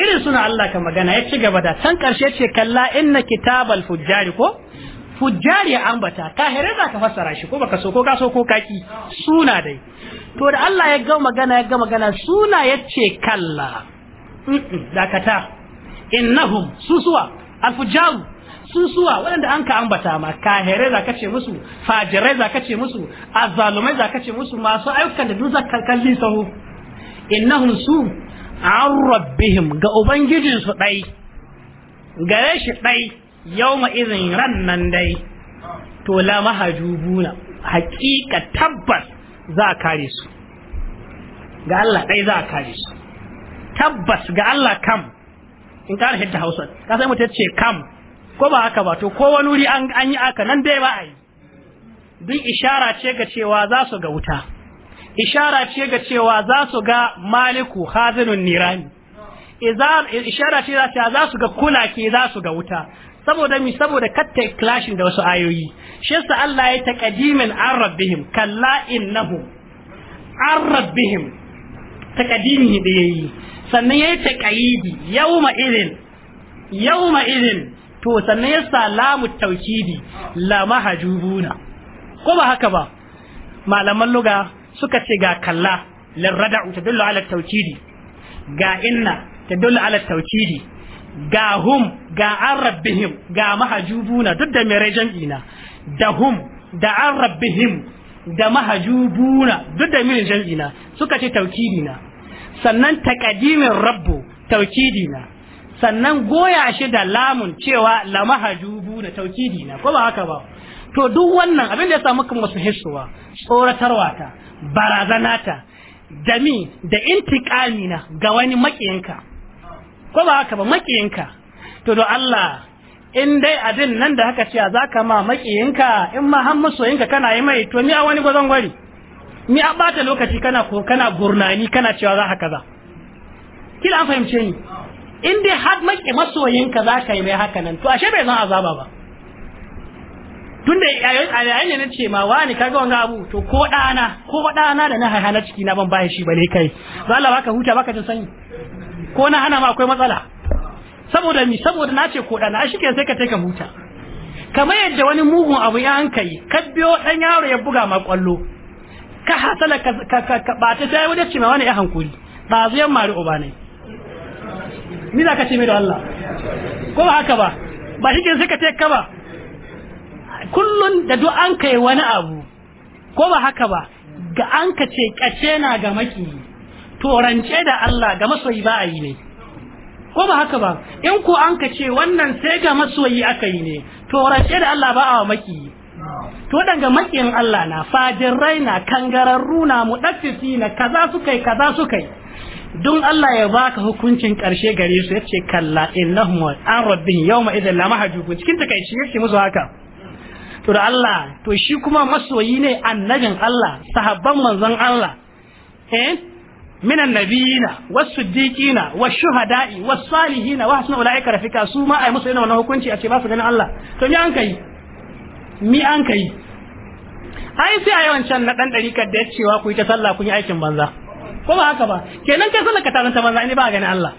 irin suna Allah ka magana ya ci gaba da can karshe ce kalla inna kitabal fujjari ko fujjari ya ambata kahirai za ka fassara shi ko baka so ko ka ko kaki suna dai to da Allah ya ga magana ya ga magana suna yace kalla dakata innahum susuwa alfujaru susuwa waɗanda an ka ambata ma kahirai za ka ce musu fajirai za ka ce musu azalumai za ka ce musu masu ayyukan da duk za kalli sahu innahum su an rabbihim ga ubangijinsu ɗai gare shi ɗai yawma izin ran nan dai to la mahajubuna hakika tabbas za a kare su ga Allah dai za a kare su tabbas ga Allah kam in kare hidda Hausa ka sai mutum ce kam ko ba haka ba to ko wani wuri an yi aka nan dai ba a yi duk ishara ce ga cewa za su ga wuta ishara ce ga cewa za su ga maliku hazinun nirani ishara ce za su ga ke za su ga wuta saboda mi saboda katta clashin da wasu ayoyi shi yasa Allah ya taqdimin an rabbihim kalla innahum an rabbihim taqdimihi da yayi sannan yayi taqayidi yawma idin yawma idin to sannan ya salamu tawkidi la mahajubuna ko ba haka ba malaman luga suka ce ga kalla lirrada'u tadullu ala tawkidi ga inna tadullu ala tawkidi ga hum ga an rabbihim ga mahajubuna duk da mere jam'ina da hum da an rabbihim da mahajubuna duk da mere jam'ina suka ce taukidina sannan takadimin rabbu taukidina sannan goya shi da lamun cewa la mahajubuna taukidina ko ba haka ba to duk wannan abin da ya samu kan wasu hissuwa tsoratarwa ta barazana ta da mi da ga wani maƙiyinka ko ba haka ba makiyinka to do Allah in dai abin nan da haka ce za ka ma makiyinka in ma har masoyinka kana yi mai to ni a wani gwazon gwari ni a bata lokaci kana ko kana gurnani kana cewa za haka za kila an fahimce ni in dai har maki masoyinka za ka yi mai haka nan to ashe bai zan azaba ba tun da yayin da ce ma wani kaga wanga abu to ko ɗana ko da na haihana ciki na ban bayan shi bale kai za Allah baka huta baka jin sanyi ko na hana ma akwai matsala saboda ni saboda na ce koda na shi sai ka sai ka huta kamar yadda wani mugun abu ya an kai ka biyo dan yaro ya buga ma kwallo ka hasala ka ka ka ba ta dai ci ma wani ya hankuri ba zuyan mari uba ne ni za ka ce mai da Allah ko ba haka ba ba shi ke sai ka ka ba kullun da duk an kai wani abu ko ba haka ba ga an ka ce kace na ga maki Torance da Allah ga masoyi ba a yi ne ko ba haka ba in ku an ka ce wannan sai ga masoyi aka yi ne torance da Allah ba a maki to daga makin Allah na fajirai na kangararru na mudaffisi na kaza su kai, kaza su kai. don Allah ya baka hukuncin karshe gare su yace kalla innahum an rabbihim yawma idan la mahjubu cikin takeici yace musu haka to da Allah to shi kuma masoyi ne annabin Allah sahabban manzon Allah eh من النبيين والصديقين والشهداء والصالحين وحسن wa رفيقا su ma ai musu irin wannan hukunci a ce ba su ganin Allah to mi an kai mi an kai ai sai ai wancan na dan dariƙar da ya cewa ku yi ta sallah kun yi aikin banza ko ba haka ba kenan kai sallar ka ta zanta banza ne ba ganin Allah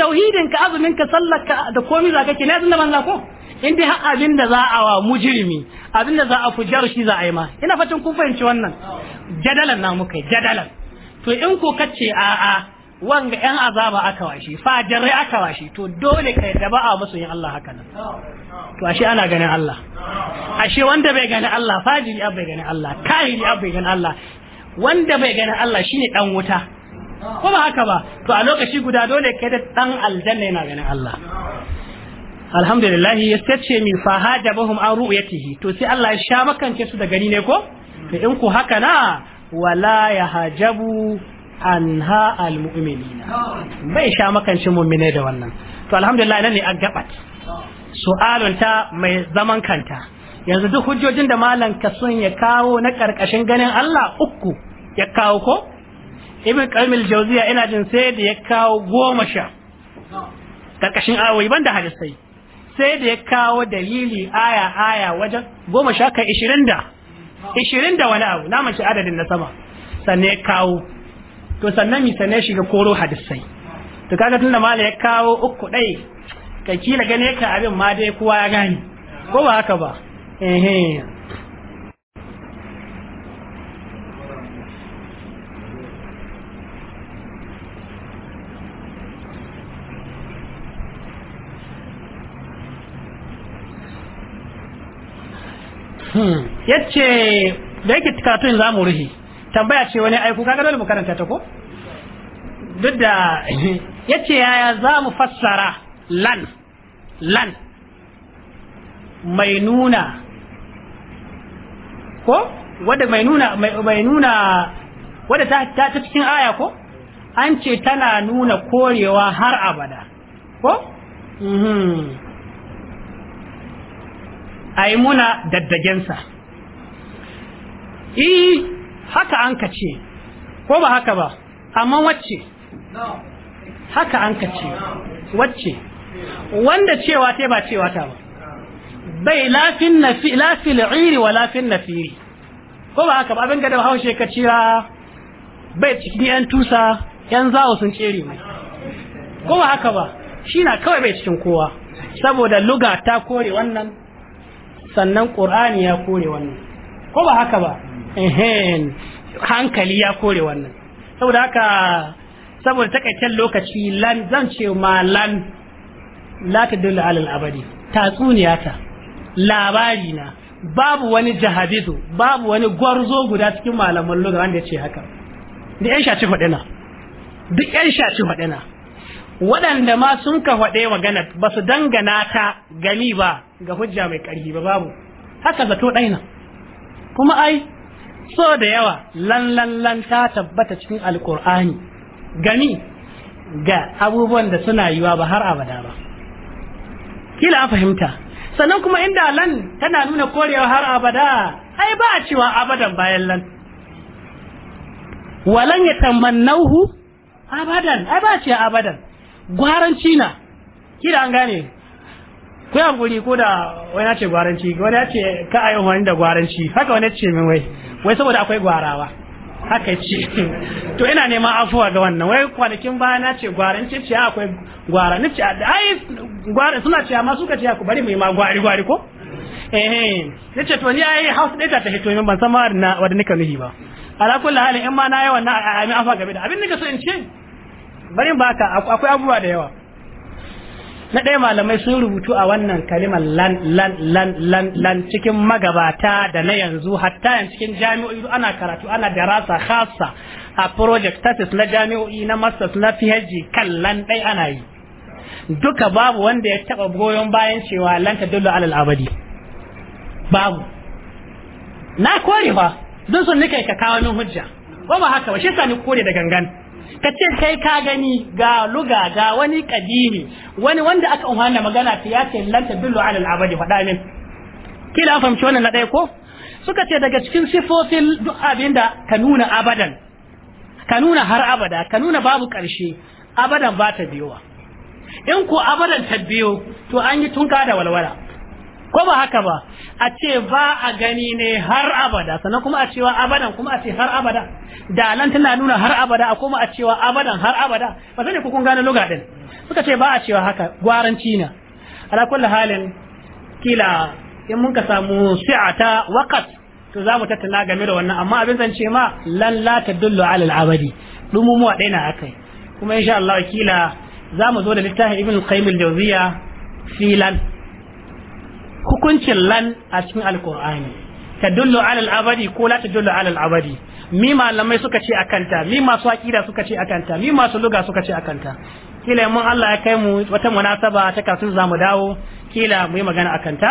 tauhidin ka azumin ka sallar ka da komai za ka ke na zanta banza ko in dai har abin za a wa mujrimi abin za a fujar shi za a yi ma ina fatan kun fahimci wannan jadalan na muka jadalan to in ko kace a'a wanga yan azaba aka washe jarrai aka washe to dole kai da ba a musu yin Allah haka nan to ashe ana ganin Allah ashe wanda bai gani Allah fajiri abai gani Allah kahiri abai gani Allah wanda bai gani Allah shine dan wuta ko ba haka ba to a lokaci guda dole kai da dan aljanna yana ganin Allah alhamdulillah ya sace mi da bahum an ru'yatihi to sai Allah ya sha makance su da gani ne ko to in ku haka na wala yahjabu anha almu'minina bai sha makancin mu'mine da wannan to alhamdulillah nan ne an gabat su'alun ta mai zaman kanta yanzu duk hujjojin da malam kasun ya kawo na karkashin ganin Allah uku ya kawo ko ibn qayyim jawziya ina jin sai da ya kawo goma sha karkashin ayoyi banda hadisi sai da ya kawo dalili aya aya wajen goma sha kai 20 ishirin da wani abu na mace adadin na sama sannan ya kawo to sannan mi sannan shiga koro hadisai to kaga tunda mala ya kawo uku ɗai ka kila gane ka abin ma dai kowa ya gani. ko ba haka ba ehe yace da yake karatun za mu rufe tambaya ce wani aiko kaga dole mu karanta ta ko duk da yace yaya za mu fassara lan lan mai nuna ko wadda mai nuna mai nuna wadda ta ta cikin aya ko an ce tana nuna korewa har abada ko mhm a yi muna daddagensa eh haka an ka ce ko ba haka ba amma wacce haka an ka ce wacce wanda cewa ta ba cewa ta ba bai lafin nafi lafil iri wa lafin nafiri ko ba haka ba abin gada da haushe ka cira ah, bai cikin yan tusa yan zawo sun cere mai ko ba haka ba shi na kawai bai cikin kowa saboda luga ta kore wannan sannan qur'ani ya kore wannan ko ba haka ba hankali ya kore wannan saboda haka saboda takaitar lokaci zan ce ma lan lati dole alal abadi tatsuniya ta labari na babu wani jahabizu babu wani gwarzo guda cikin malaman lura wanda ya ce haka da yan shaci faɗina duk yan shaci faɗina waɗanda ma sun ka faɗe magana ba su dangana ta gani ba ga hujja mai ƙarfi ba babu haka zato ɗaina kuma ai so da yawa lan ta tabbata cikin Alƙur'ani, gani ga abubuwan da suna yiwa ba har abada ba kila an fahimta sannan kuma inda lan tana nuna korewa har abada ai ba a cewa abadan bayan lan walan ya tamannauhu abadan ai ba a cewa abadan gwaranci na kila an gane ku guri ko da wani ce gwaranci wani ce ka a yi wani da gwaranci haka wani ce min wai wai saboda akwai gwarawa haka ce to ina neman afuwa ga wannan wai kwanakin baya na ce gwaranci ce akwai gwara ni ce ai gwara suna ce amma suka ce ku bari mu yi ma gwari gwari ko eh ni ce to ni ai house data ta hito min ban san ma na wadda nika nuhi ba ala kullu halin in ma na yi wannan a mi afa game da abin nika so in ce bari baka akwai abubuwa da yawa na ɗaya malamai sun rubutu a wannan kalimar lan lan lan lan lan cikin magabata da na yanzu hatta yan cikin jami'o'i ana karatu ana darasa khasa a project status na jami'o'i na masters na PhD kan lan ɗai ana yi duka babu wanda ya taɓa goyon bayan cewa lan ta dole alal abadi babu na kore fa don sun nika ka kawo min hujja ko ba haka ba shi sa ni kore da gangan ka ce kai ka gani ga luga ga wani kadimi wani wanda aka umhana magana ta ya ce lan ala al-abadi faɗa min kila an fahimci wannan na ɗaya ko suka ce daga cikin sifofin duk abin da ka nuna abadan ka nuna har abada ka nuna babu ƙarshe abadan ba ta biyowa in ko abadan ta biyo to an yi tunka da walwala ko ba haka ba a ce ba a gani ne har abada sannan kuma a cewa abadan kuma a ce har abada da nan tana nuna har abada a kuma a cewa abadan har abada ba sani ku kun gane luga din suka ce ba a cewa haka gwaranci na ala kulli halin kila in mun ka samu si'ata waqt to za mu tattauna game da wannan amma abin zan ce ma lan la tadullu ala al-abadi dumumuwa dai na akai kuma insha Allah kila za mu zo da littafin ibn qayyim al-jawziya filan hukuncin lan a cikin alkur'ani dullo alal abadi ko la dullo alal abadi mi malamai suka ce akanta mi masu aqida suka ce akanta mi masu luga suka ce akanta kila mun Allah ya kai mu wata munasaba ta kafin mu dawo kila mu yi magana akanta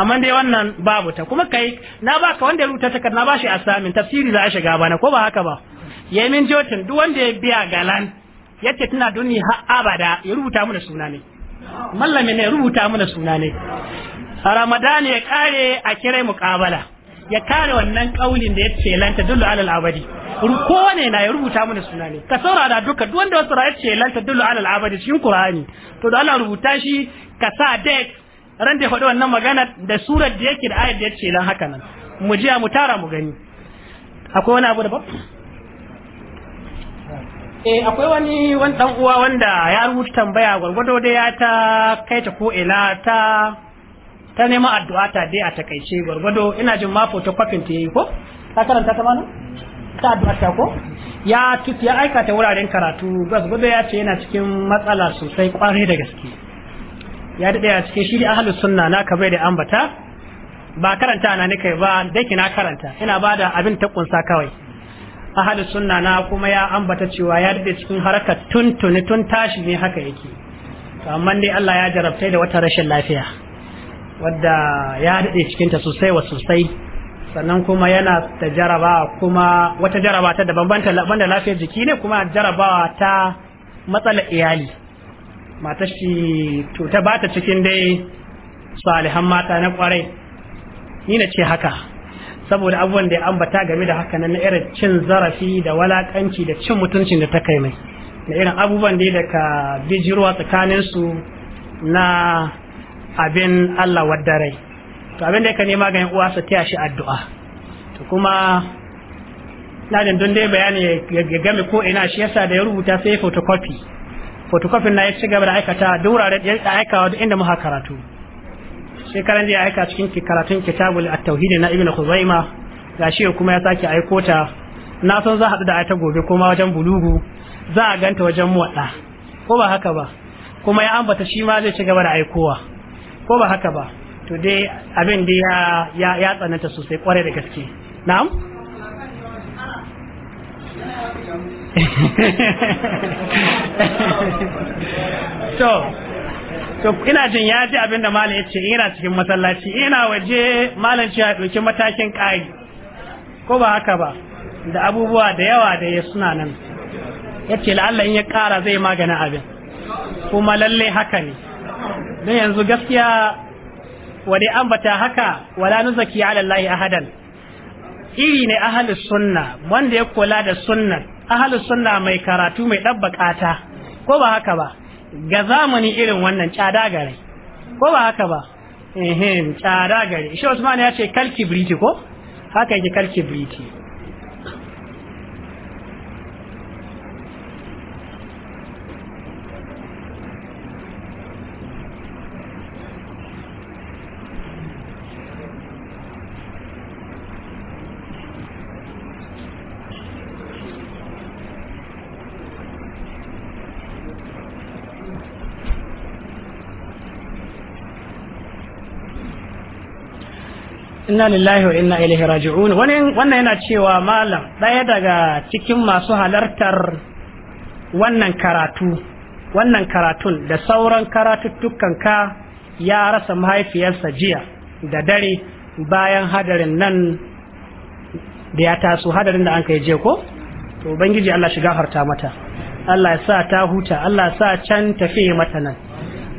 amma dai wannan babu ta kuma kai na baka wanda ya rubuta ta na bashi asamin tafsiri za a shiga bana ko ba haka ba yayi min jotin duk wanda ya biya galan yace tana duniya har abada ya rubuta mana suna ne mallame ne rubuta mana suna ne ramadan ya kare a kira muqabala ya kare wannan kaulin da ya ce lanta dullu alal abadi kowane na ya rubuta mana suna ne ka da duka duk wanda wasu ya ce lanta dullu alal abadi cikin qur'ani to da Allah rubuta shi ka sa dek ran da faɗi wannan magana da surar da yake da ayat da ya ce lan haka nan mu jiya mu tara mu gani akwai wani abu da ba eh akwai wani wani dan uwa wanda ya rubuta tambaya gwargwado da ya ta kai ta ko ila ta ta nema addu'a ta dai a takaice gwargwado ina jin ma photocopying ta yi ko ta karanta ta mana ta addu'a ta ko ya tuti ya aika ta wuraren karatu gwargwado ya ce yana cikin matsala sosai kwarai da gaske ya dade a cikin shi ahlus sunna na ka bai da ambata ba karanta na nika ba dai kina karanta ina bada abin ta kunsa kawai ahlus sunna na kuma ya ambata cewa ya dade cikin harakar tuntuni tun tashi ne haka yake amma dai Allah ya jarabtai da wata rashin lafiya wadda ya daɗe cikinta sosai wa sosai sannan kuma yana da jaraba kuma wata jaraba ta daban banda lafiyar jiki ne kuma jarabawa ta matsalar iyali mata shi to ta bata cikin dai salihan mata na kwarai ni na ce haka saboda abubuwan da ya ambata game da haka nan na irin cin zarafi da walakanci da cin mutuncin da ta kai mai da irin abubuwan da ka bijirwa tsakaninsu na abin Allah wadda rai to abin da ya nema ga uwa su taya shi addu'a to kuma na jin don dai bayani ya game ko ina shi yasa da ya rubuta sai photocopy photocopy na ya cigaba da aikata da wurare da aikawa duk inda muka karatu shekaran da ya aika cikin karatun kitabul at-tauhid na ibnu khuzaima gashi kuma ya sake aiko ta na san za haɗu da ita gobe kuma wajen bulugu za a ganta wajen muwaɗa ko ba haka ba kuma ya ambata shi ma zai ci gaba da aikowa ko ba haka ba to dai abin da ya ya tsananta sosai kwarai da gaske na'am to to ina jin ya ji abin da malam ya ce ina cikin masallaci ina waje malam ce ya ɗauki matakin ƙari ko ba haka ba da abubuwa da yawa da ya suna nan ya ce la'alla in ya ƙara zai magana abin kuma lalle haka ne don yanzu gaskiya wani ambata haka wala nuzaki ala Allah ahadan iri ne ahli sunna wanda ya kula da sunna ahli sunna mai karatu mai dabbakata ko ba haka ba ga zamani irin wannan tsada gare ko ba haka ba ehem tsada gare shi Usman ya ce kalki briti ko haka yake kalki briti inna lillahi wa inna ilaihi raji'un wannan yana cewa malam ɗaya daga cikin masu halartar wannan karatu wannan karatun da sauran karatuttukan ka ya rasa mahaifiyarsa jiya da dare bayan hadarin nan da ya taso hadarin da an kai je ko to ubangiji Allah shi gafarta mata Allah ya sa ta huta Allah ya sa can tafi mata nan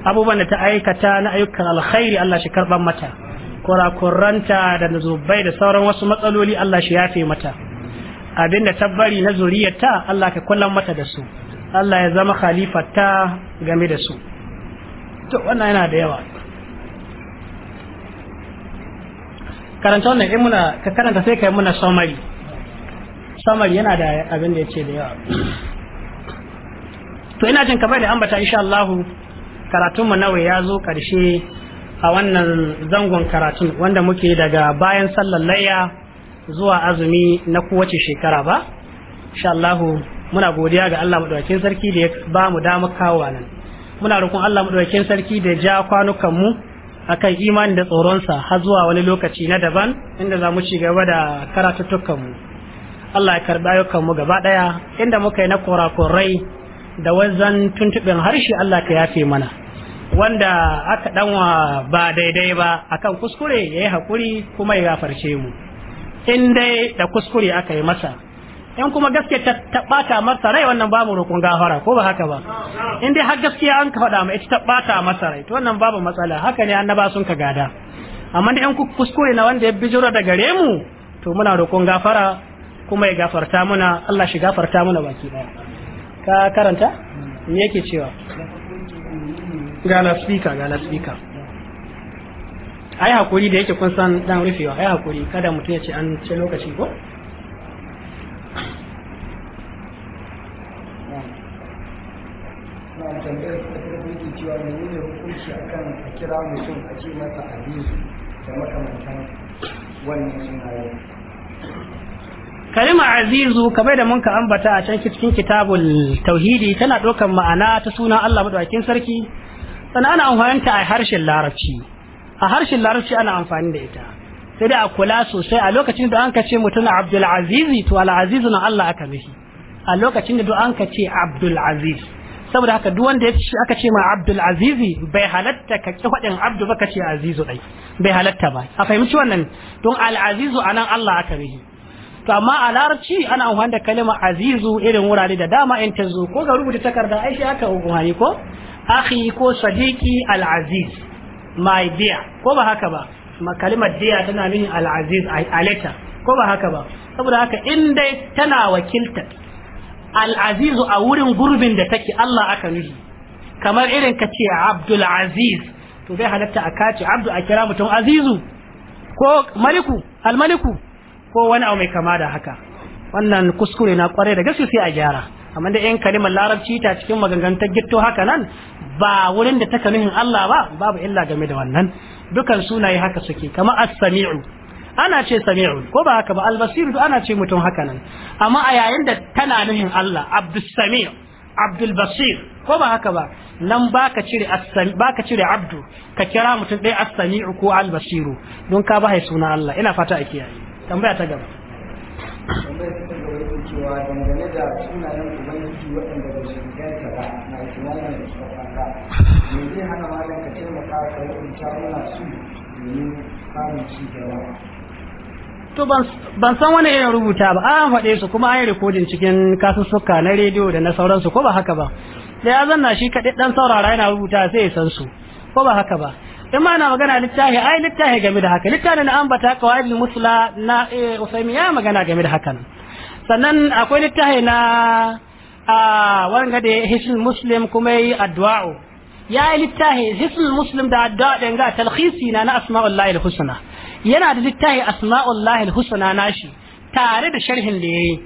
abubuwan da ta aikata na ayyukan alkhairi Allah shi karban mata kurakuranta da nazubai da sauran wasu matsaloli Allah shi yafe mata abinda tabbari na zuriyarta Allah ka kullan mata da su Allah ya zama khalifarta game da su to wannan yana da yawa karanta wannan in muna ka karanta sai kai muna summary summary yana da abin da yake da yawa to ina jin kamar da ambata insha Allah karatun mu nawa ya zo karshe a wannan zangon karatun wanda muke daga bayan sallar layya zuwa azumi na kowace shekara ba insha Allahu muna godiya ga Allah madaukakin sarki da ya ba mu dama kawo nan muna roƙon Allah madaukakin sarki da ja kwanukan mu akan imani da tsoron sa har zuwa wani lokaci na daban inda za mu ci gaba da karatuttukan Allah ya karɓi ayyukan mu gaba ɗaya inda muka yi na kora-korai da wazan tuntuɓin harshe Allah ka yafe mana wanda aka danwa ba daidai ba akan kuskure yayi hakuri kuma ya gafarce mu in dai da kuskure aka yi masa in kuma gaske ta bata masa rai wannan babu roƙon gafara ko ba haka ba in dai har gaskiya an ka faɗa mu ita ta bata masa rai to wannan babu matsala haka ne annaba sun ka gada amma da yan kuskure na wanda ya bijiro da gare mu to muna roƙon gafara kuma ya gafarta muna Allah shi gafarta muna baki ɗaya ka karanta me yake cewa ga laspika ga laspika ai hakuri da yake kun san dan rufewa ai hakuri kada mutum ya ce an ce lokaci ko cewa akan a kira mutum masa azizu da azizu kamar da munka ambata a can cikin kitabul tauhidi tana ɗaukar ma'ana ta sunan Allah madaukakin sarki sannan ana amfani ta a harshen larabci a harshen larabci ana amfani da ita sai dai a kula sosai a lokacin da an ce mutum abdul azizi to al'azizu na Allah aka mishi a lokacin da an ce abdul aziz saboda haka duk wanda ya ce aka ce ma abdul azizi bai halatta ka ki abdu ba ka ce azizu dai bai halatta ba a fahimci wannan don al azizu anan Allah aka mishi to amma a larabci ana amfani da kalmar azizu irin wurare da dama in ta zo ko ga rubuta takarda ai shi aka amfani ko akhi ko sadiki al-aziz my dear ko ba haka ba kalimar dear tana nufin al-aziz a letter ko ba haka ba saboda haka in dai tana wakiltar al-aziz a wurin gurbin da take Allah aka nuhi kamar irin ka ce abdul aziz to bai halatta a kace abdu a kira mutum azizu ko maliku al-maliku ko wani abu mai kama da haka wannan kuskure na kware da gaske sai a gyara amma da yan kalimar larabci ta cikin magangantar gitto haka nan ba wurin da taka nuhin Allah ba babu illa game da wannan dukan sunaye haka suke kamar as-sami'u ana ce sami'u ko ba haka ba al-basiru ana ce mutum haka nan amma a yayin da tana nuhin Allah abdus sami' abdul basir ko ba haka ba nan baka cire as-sami baka cire abdu ka kira mutum dai as-sami'u ko al-basiru don ka ba hai suna Allah ina fata a kiyaye tambaya ta gaba cewa dangane da sunayen ubangiji waɗanda ba su inganta ba na ikimanin da suka kanka, me zai hana malam ka taimaka ka yi rubuta mana su domin samun ci gaba to ban san wani irin rubuta ba an faɗe su kuma an yi rikodin cikin kasussuka na rediyo da na sauransu ko ba haka ba da ya zanna shi kaɗai ɗan saurara yana rubuta sai ya san su ko ba haka ba in ma na magana littafi ai littafi game da haka littafin na ambata kawai musula na usaimi ya magana game da hakan sannan akwai littafi na a wanga da hisn muslim kuma yi addu'a'u ya yi littafi hisn muslim da addu'a ɗin ga talhisi na na asma'ullahi al-husna yana da littafi asma'ullahi al-husna nashi tare da sharhin da yi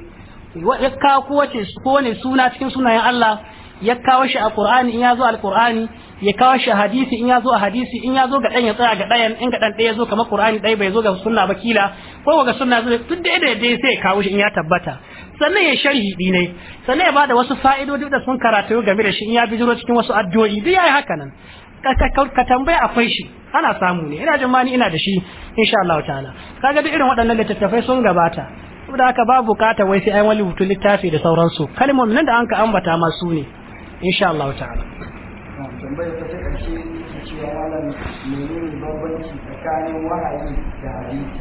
ya kawo kowace kowane suna cikin sunayen Allah ya kawo shi a Qur'ani in ya zo al-Qur'ani ya kawo shi hadisi in ya zo a hadisi in ya zo ga ɗan ya tsaya ga ɗayan in ga ɗan ɗaya zo kamar ƙur'ani ɗaya bai zo ga sunna ba kila ko ga sunna zai duk da yadda dai sai ya kawo shi in ya tabbata sannan ya sharhi dinai sannan ya ba da wasu fa'idodi da sun karatu game da shi in ya bijiro cikin wasu addu'o'i duk yayi haka nan ka tambaya akwai shi ana samu ne ina jin mani ina da shi insha Allah ta'ala kaga duk irin waɗannan littattafai sun gabata saboda haka babu bukata wai sai an wani rubutu littafi da sauransu kalmomin nan da an ka ambata ma su ne insha Allah ta'ala tambayar ta ta ƙarshe ta cewa mai menene bambanci tsakanin wahayi da hadisi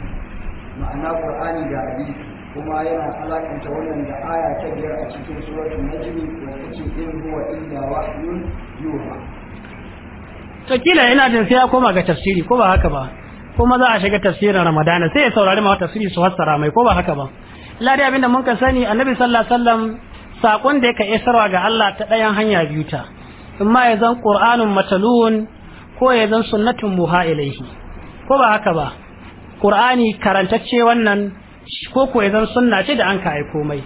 ma'ana qur'ani da hadisi kuma yana alakanta wannan da aya ta biyar a cikin suratul najmi wacce ce in huwa illa wahyun yuha to kila ina da sai ya koma ga tafsiri ko ba haka ba kuma za a shiga tafsirin ramadana sai ya saurari ma tafsiri su hasara mai ko ba haka ba ladi abinda mun ka sani annabi sallallahu alaihi wasallam sakon da yake isarwa ga Allah ta ɗayan hanya biyu ta in ma ya zan qur'anun matalun ko ya zan sunnatun muha ilaihi ko ba haka ba qur'ani karantacce wannan ko ko ya zan sunna ce da an ka aiko mai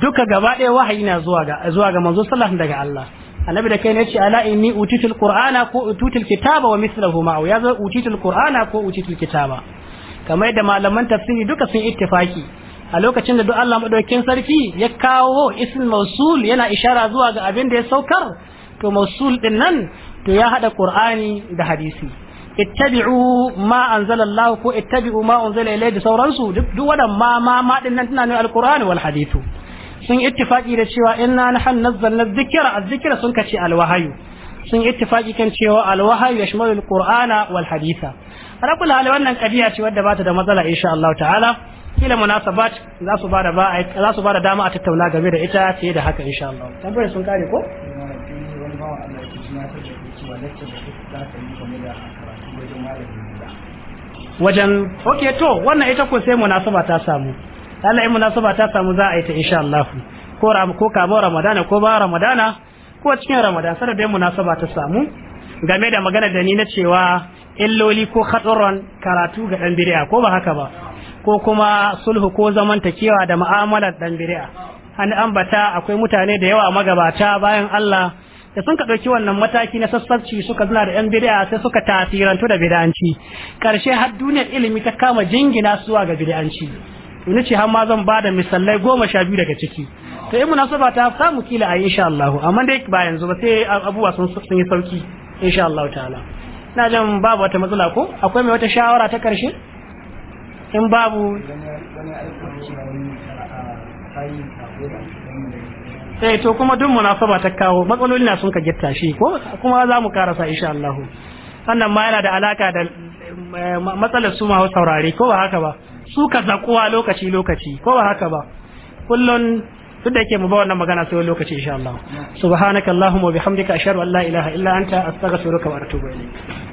duka gaba ɗaya wahayi na zuwa ga zuwa ga manzo sallallahu daga Allah annabi da kai ne ce ala inni utitul qur'ana ko utitul kitaba wa mislahu ma ya zan utitul qur'ana ko utitul kitaba kamar da malaman tafsiri duka sun ittifaki a lokacin da duk Allah madaukakin sarki ya kawo ism mausul yana ishara zuwa ga abin da ya saukar to mausul din nan to ya hada qur'ani da hadisi ittabi'u ma anzalallahu ko ittabi'u ma unzila ilayhi da sauransu duk wannan ma ma ma din nan tana ne alqur'ani wal hadithu sun ittifaki da cewa inna nahnu nazzalna dhikra adh-dhikra sun kace alwahayu sun ittifaki kan cewa alwahayu yashmalu alqur'ana wal haditha ala kulli wannan kadiya ce wadda bata da matsala insha Allah ta'ala kila munasabat za su bada ba za su bada dama a tattauna game da ita fiye da haka insha Allah tabbai sun kare ko da za ta yi game da wajen malamin gida wajen ok to wannan ita ko sai munasaba ta samu Allah in munasaba ta samu za a yi ta insha Allah ko ko kamo Ramadana ko ba Ramadana ko cikin Ramadan sai da munasaba ta samu game da magana da ni na cewa illoli ko khatsaron karatu ga dan bid'a ko ba haka ba ko kuma sulhu ko zamantakewa da mu'amalar dan bid'a an ambata akwai mutane da yawa magabata bayan Allah da sun ka ɗauki wannan mataki na sassaci suka zuna da 'yan bid'a sai suka tasirantu da bid'anci Karshe har duniyar ilimi ta kama jingina suwa ga bid'anci ni ce har ma zan ba da misalai goma sha biyu daga ciki to in munasaba ta samu kila a insha Allah amma dai ba yanzu ba sai abubuwa sun sun yi sauki insha Allah ta'ala na jan babu wata matsala ko akwai mai wata shawara ta ƙarshe in babu eh to kuma duk munasaba ta kawo matsaloli na sun ka gitta shi ko kuma za mu karasa insha Allah sannan ma yana da alaka da eh, matsalar su ma saurare ko ba haka ba su ka zakuwa lokaci lokaci ko ba haka ba kullun duk da yake mu ba wannan magana sai lokaci insha Allah subhanakallahumma bihamdika ashhadu an la ilaha illa anta astaghfiruka wa atubu ilayk